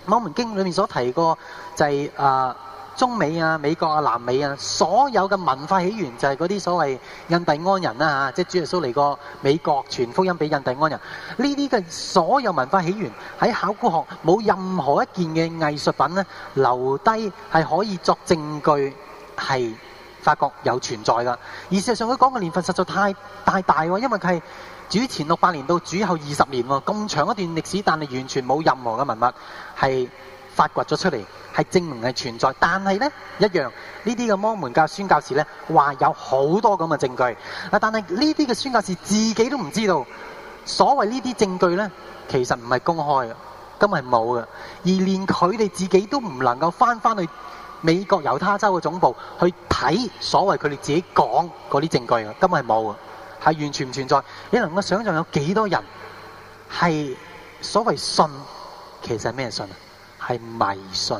摩門經》裏面所提過，就係、是呃中美啊、美國啊、南美啊，所有嘅文化起源就係嗰啲所謂印第安人啦、啊、嚇，即係主耶穌嚟過美國傳福音俾印第安人，呢啲嘅所有文化起源喺考古學冇任何一件嘅藝術品咧留低係可以作證據係發覺有存在噶，而事實上佢講嘅年份實在太太大喎，因為佢係主前六百年到主後二十年喎，咁長一段歷史，但係完全冇任何嘅文物係，是發掘咗出嚟，係證明係存在，但係呢一樣呢啲嘅摩門教宣教士呢，話有好多咁嘅證據，啊！但係呢啲嘅宣教士自己都唔知道，所謂呢啲證據呢，其實唔係公開嘅，根本係冇嘅，而連佢哋自己都唔能夠返返去美國猶他州嘅總部去睇所謂佢哋自己講嗰啲證據嘅，根本係冇嘅，係完全唔存在。你能夠想象有幾多人係所謂信，其實係咩信啊？係迷信，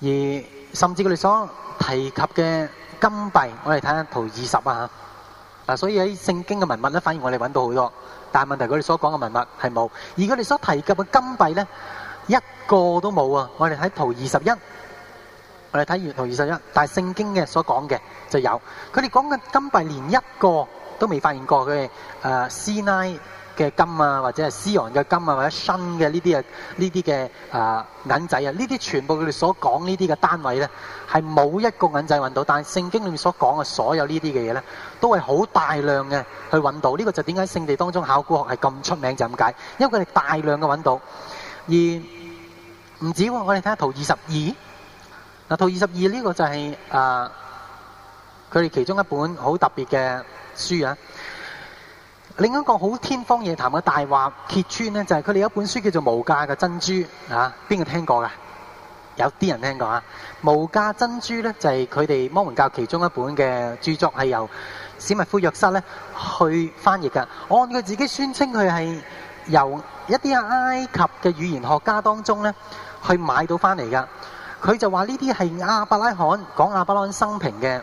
而甚至佢哋所提及嘅金幣，我哋睇下圖二十啊吓。嗱，所以喺聖經嘅文物咧，反而我哋揾到好多，但係問題佢哋所講嘅文物係冇，而佢哋所提及嘅金幣咧，一個都冇啊！我哋喺圖二十一，我哋睇完圖二十一，但係聖經嘅所講嘅就有，佢哋講嘅金幣連一個都未發現過佢誒，師奶。嘅金啊，或者係絲綢嘅金啊，或者新嘅呢啲啊，呢啲嘅啊銀仔啊，呢啲全部佢哋所講呢啲嘅單位咧，係冇一個銀仔揾到。但係聖經裏面所講嘅所有呢啲嘅嘢咧，都係好大量嘅去揾到。呢個就點解聖地當中考古學係咁出名就咁解，因為佢哋大量嘅揾到。而唔止喎，我哋睇下圖二十二。嗱，圖二十二呢個就係啊，佢哋其中一本好特別嘅書啊。另一個好天方夜譚嘅大話揭穿，呢就係佢哋有一本書叫做《無價嘅珍珠》，嚇，邊個聽過噶？有啲人聽過啊，《無價珍珠》呢就係佢哋摩門教其中一本嘅著作，係由史密夫約瑟咧去翻譯噶。我按佢自己宣稱，佢係由一啲埃及嘅語言學家當中咧去買到翻嚟噶。佢就話呢啲係亞伯拉罕，講亞伯拉罕生平嘅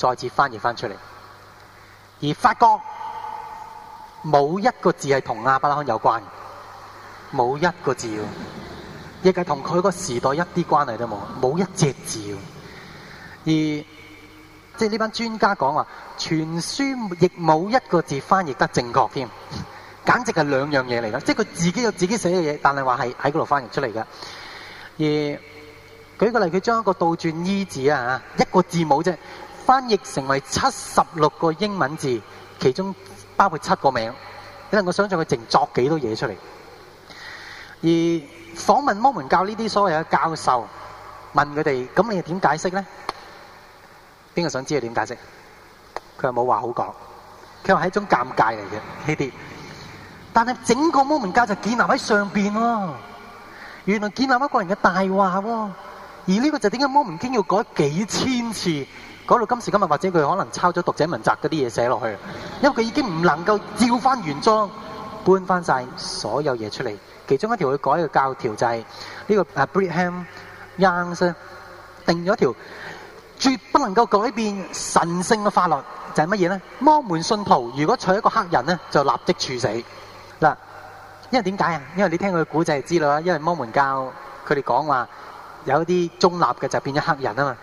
再次翻譯翻出嚟，而發覺冇一個字係同亞伯拉罕有關嘅，冇一個字，亦係同佢個時代一啲關係都冇，冇一隻字。而即係呢班專家講話，全書亦冇一個字翻譯得正確添，簡直係兩樣嘢嚟㗎。即係佢自己有自己寫嘅嘢，但係話係喺嗰度翻譯出嚟嘅。而舉個例，佢將一個倒轉 E 字啊，一個字母啫。翻譯成為七十六個英文字，其中包括七個名。你能夠想象佢淨作幾多嘢出嚟？而訪問摩門教呢啲所謂嘅教授，問佢哋：，咁你又點解釋咧？邊個想知佢點解釋？佢又冇話好講，佢話係一種尷尬嚟嘅呢啲。但係整個摩門教就建立喺上邊喎，原來建立一個人嘅大話喎。而呢個就點解摩門經要改幾千次？講到今時今日，或者佢可能抄咗《讀者文集》嗰啲嘢寫落去，因為佢已經唔能夠照翻原裝搬翻晒所有嘢出嚟。其中一條佢改嘅教條就係、是、呢、這個阿 Brigham Young 咧定咗條，絕不能夠改變神聖嘅法律，就係乜嘢咧？摩門信徒如果娶一個黑人咧，就立即處死。嗱，因為點解啊？因為你聽佢古仔就知道啦，因為摩門教佢哋講話有一啲中立嘅就變咗黑人啊嘛。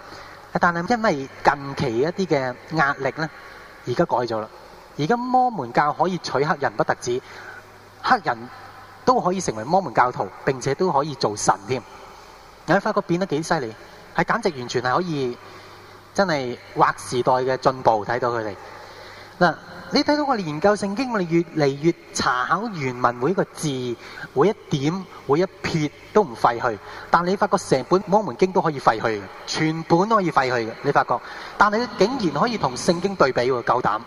但係因為近期一啲嘅壓力咧，而家改咗啦。而家摩門教可以取黑人不特止，黑人都可以成為摩門教徒，並且都可以做神添。你發覺變得幾犀利，係簡直完全係可以，真係劃時代嘅進步，睇到佢哋嗱。你睇到我哋研究聖經，我哋越嚟越查考原文每一個字，每一點，每一撇都唔廢去。但你發覺成本《摩門經》都可以廢去嘅，全本都可以廢去嘅，你發覺。但你竟然可以同聖經對比喎，夠膽！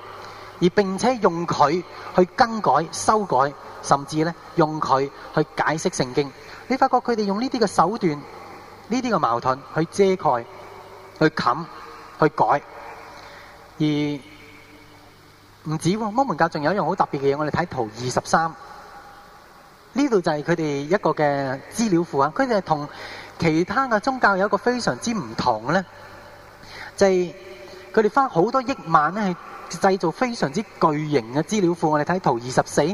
而並且用佢去更改、修改，甚至咧用佢去解釋聖經。你發覺佢哋用呢啲嘅手段、呢啲嘅矛盾去遮蓋、去冚、去改，而……唔止喎、哦，摩門教仲有一樣好特別嘅嘢，我哋睇圖二十三，呢度就係佢哋一個嘅資料庫啊。佢哋同其他嘅宗教有一個非常之唔同嘅咧，就係佢哋花好多億萬咧去製造非常之巨型嘅資料庫。我哋睇圖二十四，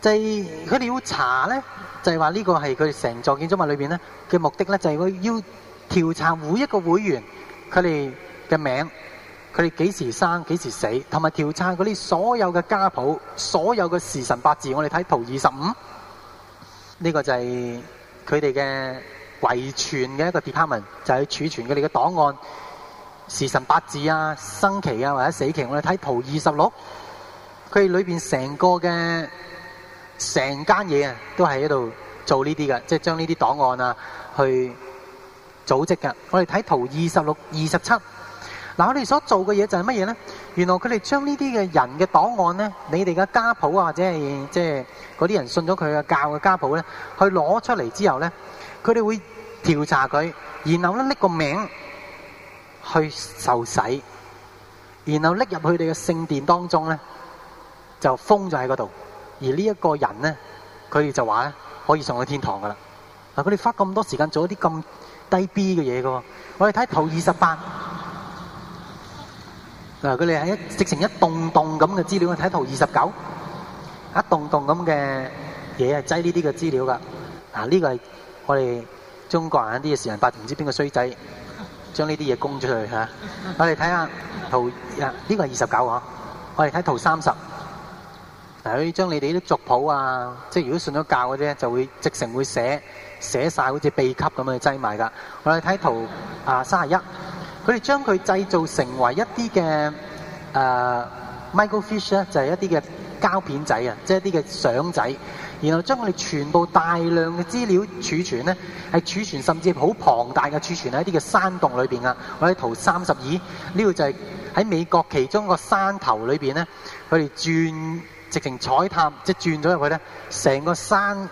就係佢哋要查咧，就係話呢個係佢哋成座建築物裏邊咧嘅目的咧，就係、佢、要調查每一個會員佢哋嘅名。佢哋幾時生幾時死，同埋調查嗰啲所有嘅家譜、所有嘅時辰八字，我哋睇圖二十五。呢個就係佢哋嘅遺傳嘅一個 department，就係儲存佢哋嘅檔案、時辰八字啊、生期啊或者死期。我哋睇圖二十六，佢裏面成個嘅成間嘢啊，都係喺度做呢啲嘅，即係將呢啲檔案啊去組織㗎。我哋睇圖二十六、二十七。嗱，我哋所做嘅嘢就係乜嘢咧？原來佢哋將呢啲嘅人嘅檔案咧，你哋嘅家譜啊，或者係即係嗰啲人信咗佢嘅教嘅家譜咧，去攞出嚟之後咧，佢哋會調查佢，然後咧搦個名去受洗，然後搦入去佢哋嘅聖殿當中咧，就封咗喺嗰度。而呢一個人咧，佢哋就話咧，可以上去天堂噶啦。嗱，佢哋花咁多時間做一啲咁低 B 嘅嘢㗎喎，我哋睇圖二十八。嗱，佢哋係一直成一棟棟咁嘅資料，我睇圖二十九，一棟棟咁嘅嘢係擠呢啲嘅資料噶。嗱，呢個係我哋中國人一啲嘅時人發，唔知邊個衰仔將呢啲嘢供出去嚇。我哋睇下圖一，呢個係二十九喎。我哋睇圖三十，嗱，佢將你哋啲族譜啊，即係如果信咗教嗰啲咧，就會直成會寫寫曬好似秘笈咁樣擠埋噶。我哋睇圖啊三十一。佢哋將佢製造成為一啲嘅呃 microfiche 咧、啊，就係、是、一啲嘅膠片仔啊，即、就、係、是、一啲嘅相仔。然後將我哋全部大量嘅資料儲存呢，係儲存甚至好龐大嘅儲存喺一啲嘅山洞裏面。啊。我哋圖三十二呢個就係喺美國其中個山頭裏面，呢佢哋轉直情採探，即係轉咗入去呢成個山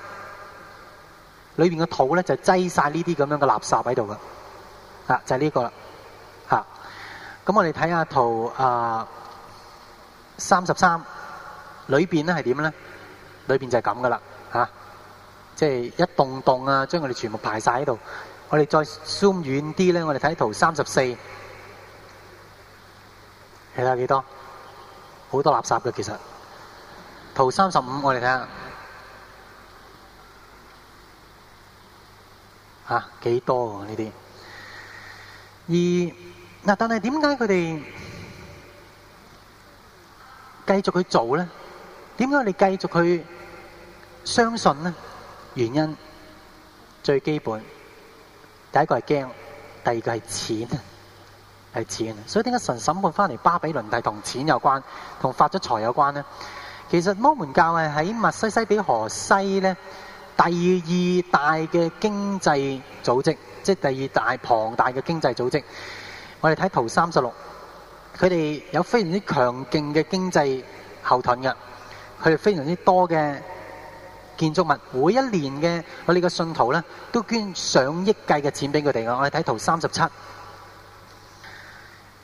裏面嘅土呢，就擠晒呢啲咁樣嘅垃圾喺度噶。啊，就係、是、呢個啦。咁我哋睇下圖啊，三十三裏邊咧係點咧？裏邊就係咁噶啦，吓，即係一棟棟啊，將佢哋全部排晒喺度。我哋再 zoom 遠啲咧，我哋睇圖三十四，係啦幾多？好多垃圾嘅其實。圖三十五，我哋睇下，吓，幾多呢啲？依嗱，但係點解佢哋繼續去做咧？點解你哋繼續去相信咧？原因最基本，第一個係驚，第二個係錢，係錢。所以點解神審判翻嚟巴比倫帝同錢有關，同發咗財有關咧？其實摩門教係喺密西西比河西咧第二大嘅經濟組織，即第二大龐大嘅經濟組織。我哋睇圖三十六，佢哋有非常之強勁嘅經濟後盾㗎，佢哋非常之多嘅建築物，每一年嘅我哋嘅信徒呢都捐上億計嘅錢俾佢哋嘅。我哋睇圖三十七，而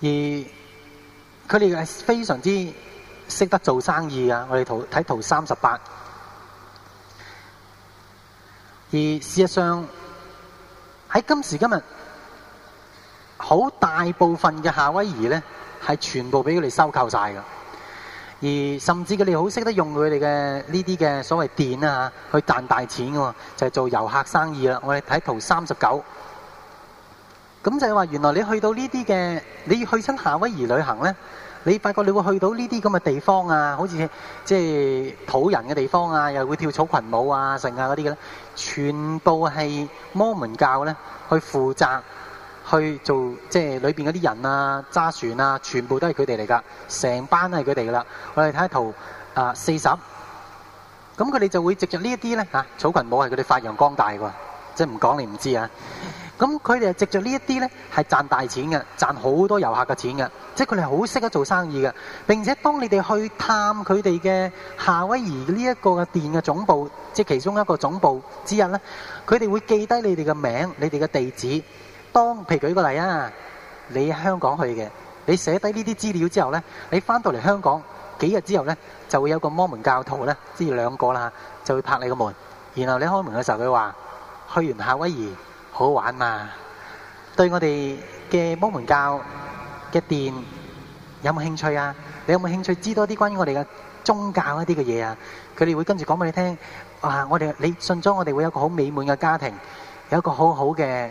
佢哋係非常之識得做生意㗎。我哋圖睇圖三十八，而事實上喺今時今日。好大部分嘅夏威夷咧，係全部俾佢哋收購晒噶，而甚至佢哋好識得用佢哋嘅呢啲嘅所謂電啊，去賺大錢噶喎，就係做遊客生意啦。我哋睇圖三十九，咁就係話原來你去到呢啲嘅，你去親夏威夷旅行咧，你發覺你會去到呢啲咁嘅地方啊，好似即係土人嘅地方啊，又會跳草裙舞啊，剩啊嗰啲嘅咧，全部係摩門教咧去負責。去做即係裏面嗰啲人啊、揸船啊，全部都係佢哋嚟噶，成班都係佢哋噶啦。我哋睇下圖啊，呃、四十。咁佢哋就會藉着呢一啲咧吓，草裙舞係佢哋發揚光大喎，即係唔講你唔知啊。咁佢哋係藉着呢一啲咧，係賺大錢嘅，賺好多遊客嘅錢嘅，即係佢哋好識得做生意嘅。並且當你哋去探佢哋嘅夏威夷呢一個嘅店嘅總部，即係其中一個總部之日咧，佢哋會記低你哋嘅名、你哋嘅地址。當譬如舉個例啊，你香港去嘅，你寫低呢啲資料之後咧，你翻到嚟香港幾日之後咧，就會有個摩門教徒咧，即係兩個啦，就會拍你個門，然後你開門嘅時候佢話：去完夏威夷好玩嘛？對我哋嘅摩門教嘅殿有冇興趣啊？你有冇興趣知多啲關於我哋嘅宗教一啲嘅嘢啊？佢哋會跟住講俾你聽。哇！我哋你信咗，我哋會有個好美滿嘅家庭，有一個好好嘅。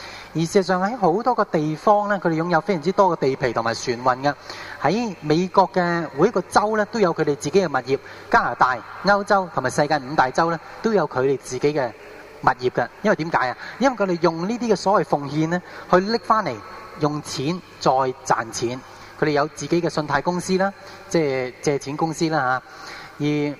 而事實上喺好多個地方咧，佢哋擁有非常之多嘅地皮同埋船運嘅。喺美國嘅每一個州咧，都有佢哋自己嘅物業；加拿大、歐洲同埋世界五大洲咧，都有佢哋自己嘅物業嘅。因為點解啊？因為佢哋用呢啲嘅所謂奉獻咧，去拎翻嚟用錢再賺錢。佢哋有自己嘅信貸公司啦，即係借錢公司啦嚇。而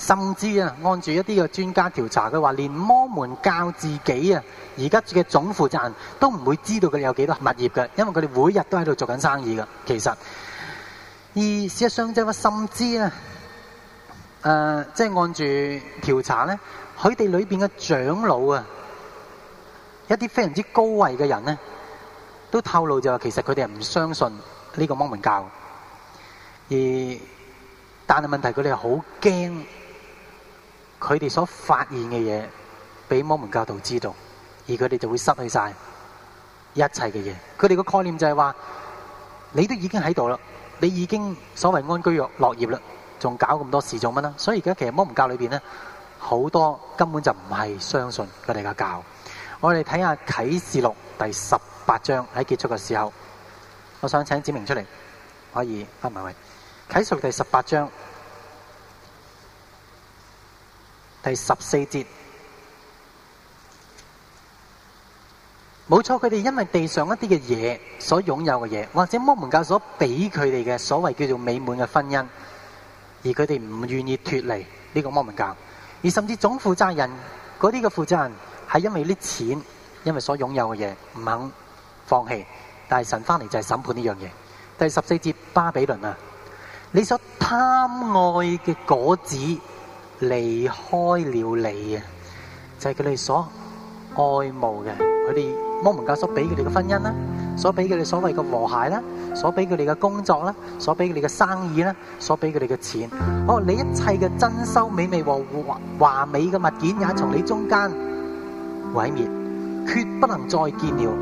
甚至啊，按住一啲嘅專家調查嘅話，連摩門教自己啊，而家嘅總負責人都唔會知道佢哋有幾多物業嘅，因為佢哋每日都喺度做緊生意嘅。其實，而事實上即係話，甚至啊，誒，即係按住調查咧，佢哋裏邊嘅長老啊，一啲非常之高位嘅人咧，都透露就話其實佢哋係唔相信呢個摩門教，而但係問題佢哋係好驚。佢哋所發現嘅嘢，俾摩門教徒知道，而佢哋就會失去晒一切嘅嘢。佢哋嘅概念就係話：你都已經喺度啦，你已經所謂安居樂業啦，仲搞咁多事做乜啊？所以而家其實摩門教裏邊咧，好多根本就唔係相信佢哋嘅教。我哋睇下啟示錄第十八章喺結束嘅時候，我想請子明出嚟，可以？阿文慧，啟示錄第十八章。第十四節，冇錯，佢哋因為地上一啲嘅嘢，所擁有嘅嘢，或者摩門教所俾佢哋嘅所謂叫做美滿嘅婚姻，而佢哋唔願意脫離呢個摩門教，而甚至總負責人嗰啲嘅負責人，係因為啲錢，因為所擁有嘅嘢唔肯放棄，但係神翻嚟，就係審判呢樣嘢。第十四節，巴比倫啊，你所貪愛嘅果子。離開了你啊，就係佢哋所愛慕嘅，佢哋摩門教所俾佢哋嘅婚姻啦，所俾佢哋所謂嘅和諧啦，所俾佢哋嘅工作啦，所俾佢哋嘅生意啦，所俾佢哋嘅錢。哦，你一切嘅珍饈美味和華華美嘅物件也從你中間毀滅，決不能再見了。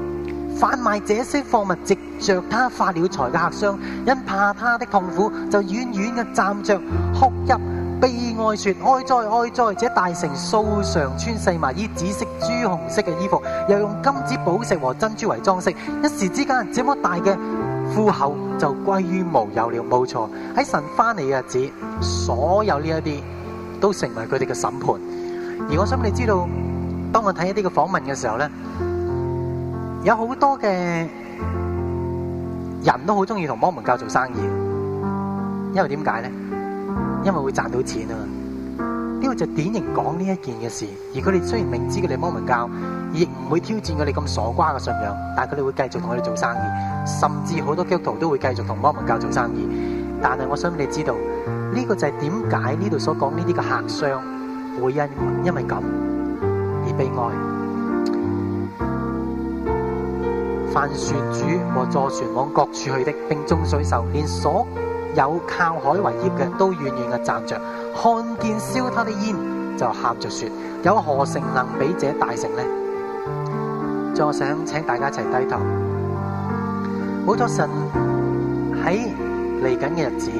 販賣這些貨物藉着他發了財嘅客商，因怕他的痛苦，就遠遠嘅站着哭泣。悲哀說，哀哉哀哉！這大城素常穿細麻衣、紫色、朱紅色嘅衣服，又用金子、寶石和珍珠為裝飾。一時之間，這麼大嘅富厚就歸於無有了。冇錯，喺神翻嚟嘅日子，所有呢一啲都成為佢哋嘅審判。而我想你知道，當我睇一啲嘅訪問嘅時候咧，有好多嘅人都好中意同摩門教做生意，因為點解咧？因為會賺到錢啊！呢個就典型講呢一件嘅事，而佢哋雖然明知佢哋摩門教，亦唔會挑戰佢哋咁傻瓜嘅信仰，但係佢哋會繼續同佢哋做生意，甚至好多基督徒都會繼續同摩門教做生意。但係我想俾你知道呢、這個就係點解呢度所講呢啲嘅客商會因為因為咁而悲哀， 帆船主和坐船往各處去的並眾水手連鎖。有靠海為業嘅都遠遠嘅站着，看見燒他啲煙就喊着說：有何城能比這大城呢？仲想請大家一齊低頭。好多神喺嚟緊嘅日子，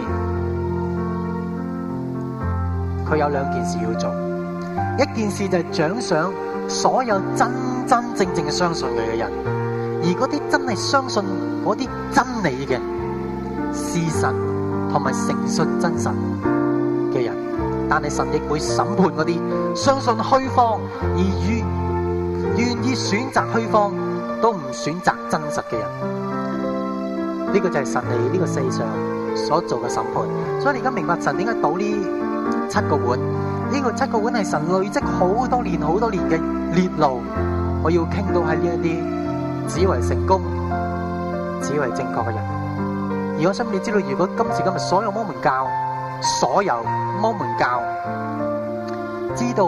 佢有兩件事要做，一件事就是獎賞，所有真真正正，正相信佢嘅人，而嗰啲真係相信嗰啲真理嘅事實。同埋誠信真實嘅人，但係神亦會審判嗰啲相信虛謊而願願意選擇虛謊都唔選擇真實嘅人。呢、這個就係神喺呢個世上所做嘅審判。所以你而家明白神點解倒呢七個碗？呢個七個碗係神累積好多年、好多年嘅烈怒。我要傾到喺呢一啲，只為成功，只為正確嘅人。而我心裡知道，如果今時今日所有摩門教，所有摩門教知道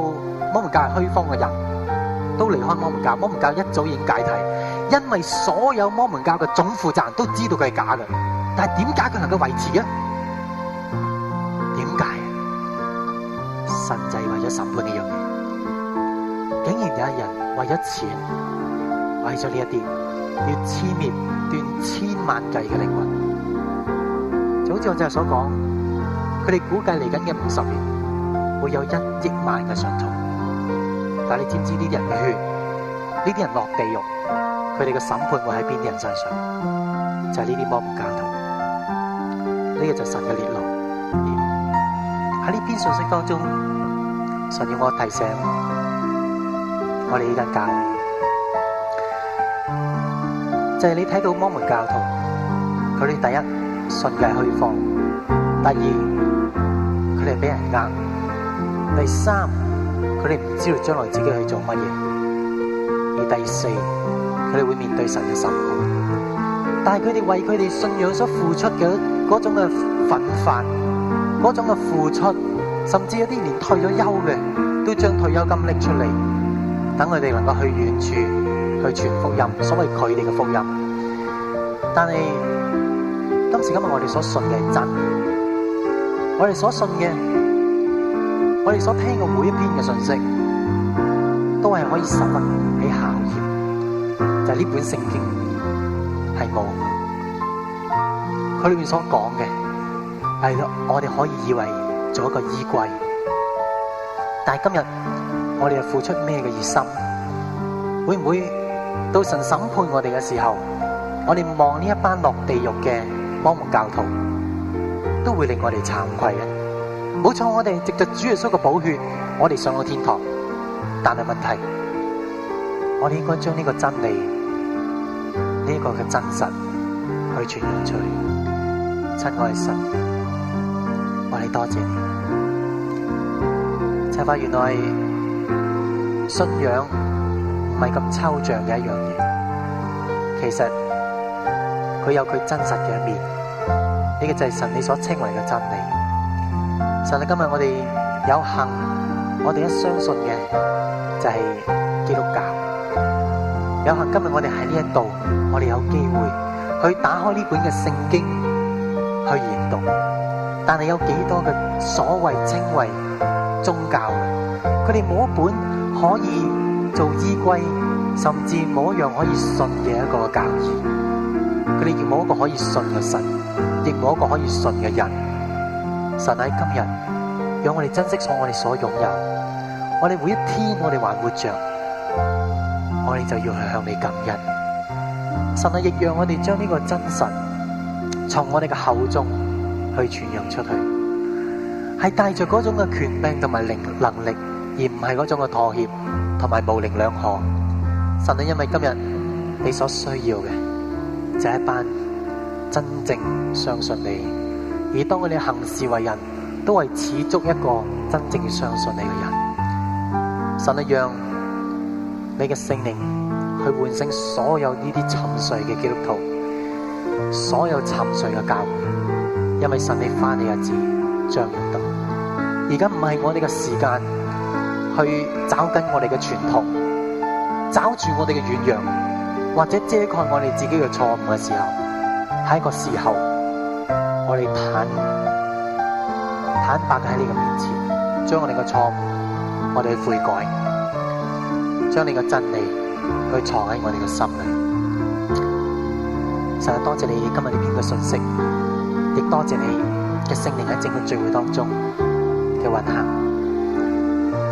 摩門教係虛方嘅人，都離開摩門教，摩門教一早已經解體，因為所有摩門教嘅總負責人都知道佢係假嘅，但係點解佢能夠維持嘅？點解啊？神仔為咗審判呢樣嘢，竟然有一人為咗錢，為咗呢一啲，要黐滅斷千萬計嘅靈魂。正如我昨日所講，佢哋估計嚟緊嘅五十年會有一億萬嘅信徒，但你知唔知呢啲人嘅血，呢啲人落地獄，佢哋嘅審判會喺邊啲人身上？就係呢啲摩門教徒，呢、這個就是神嘅烈怒。喺、嗯、呢篇信息當中，神要我提醒我哋呢間教會就係、是、你睇到摩門教徒，佢哋第一。信嘅開放，第二，佢哋俾人呃，第三，佢哋唔知道將來自己去做乜嘢，而第四，佢哋會面對神嘅審判。但係佢哋為佢哋信仰所付出嘅嗰種嘅奮發，嗰種嘅付出，甚至有啲連退咗休嘅都將退休金拎出嚟，等佢哋能夠去遠處去傳福音，所謂佢哋嘅福音。但係，今時今日我哋所信嘅係真，我哋所信嘅、我哋所聽嘅每一篇嘅信息，都係可以審問喺考驗，就係、是、呢本聖經係冇，佢裏面所講嘅係我哋可以以為做一個衣櫃，但係今日我哋又付出咩嘅熱心，會唔會到神審判我哋嘅時候，我哋望呢一班落地獄嘅？摩門教徒，都會令我哋慚愧嘅。冇錯，我哋藉着主耶穌嘅寶血，我哋上到天堂。但係問題，我哋應該將呢個真理，呢、呢個嘅真實去傳揚出去。親愛神，我哋多謝、謝你，就發現原來信仰唔係咁抽象嘅一樣嘢，其實。佢有佢真實嘅一面，呢個就係神你所稱為嘅真理。神你，今日我哋有幸，我哋一相信嘅就係基督教。有幸今日我哋喺呢一度，我哋有機會去打開呢本嘅聖經去研讀。但係有幾多嘅所謂稱為宗教，佢哋冇一本可以做依歸，甚至冇一樣可以信嘅一個教義。佢哋亦冇一個可以信嘅神，亦冇一個可以信嘅人。神喺今日，讓我哋珍惜我哋所我哋所擁有。我哋每一天我哋，我哋還活着，我哋就要去向你感恩。神啊，亦讓我哋將呢個真神從我哋嘅口中去傳揚出去，係帶着嗰種嘅權柄同埋靈能力，而唔係嗰種嘅妥協同埋無靈兩可。神啊，因為今日你所需要嘅。就是一班真正相信你，而當你哋行事為人，都係始終一個真正相信你嘅人。神一樣你嘅聖靈去喚醒所有呢啲沉睡嘅基督徒，所有沉睡嘅教會，因為神你翻你嘅日子將要到。而家唔係我哋嘅時間去找緊我哋嘅傳統，找住我哋嘅軟弱或者遮蓋我哋自己嘅錯誤嘅時候，喺個時候，我哋坦坦白喺你嘅面前，將我哋嘅錯誤，我哋悔改，將你嘅真理去藏喺我哋嘅心裏。實在多謝你今日呢篇嘅訊息，亦多謝你嘅聖靈喺整個聚會當中嘅運行。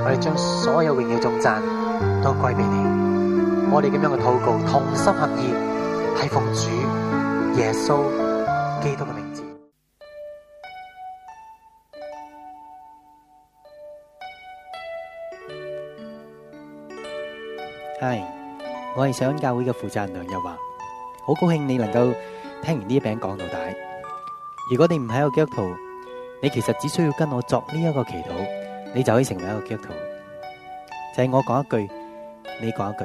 我哋將所有榮耀頌讚都歸俾你。我哋咁樣嘅禱告，同心合意，係奉主耶穌基督嘅名字。係，我係上恩教會嘅負責人梁日華。好高興你能夠聽完呢一餅講到底。如果你唔喺一個基督徒，你其實只需要跟我作呢一個祈禱，你就可以成為一個基督徒。就係我講一句，你講一句。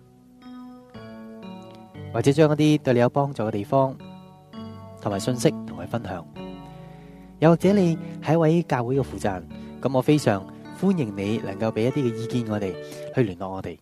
或者將一啲對你有幫助嘅地方同埋信息同佢分享，又或者你係一位教會嘅負責人，咁我非常歡迎你能夠俾一啲嘅意見我哋，去聯絡我哋。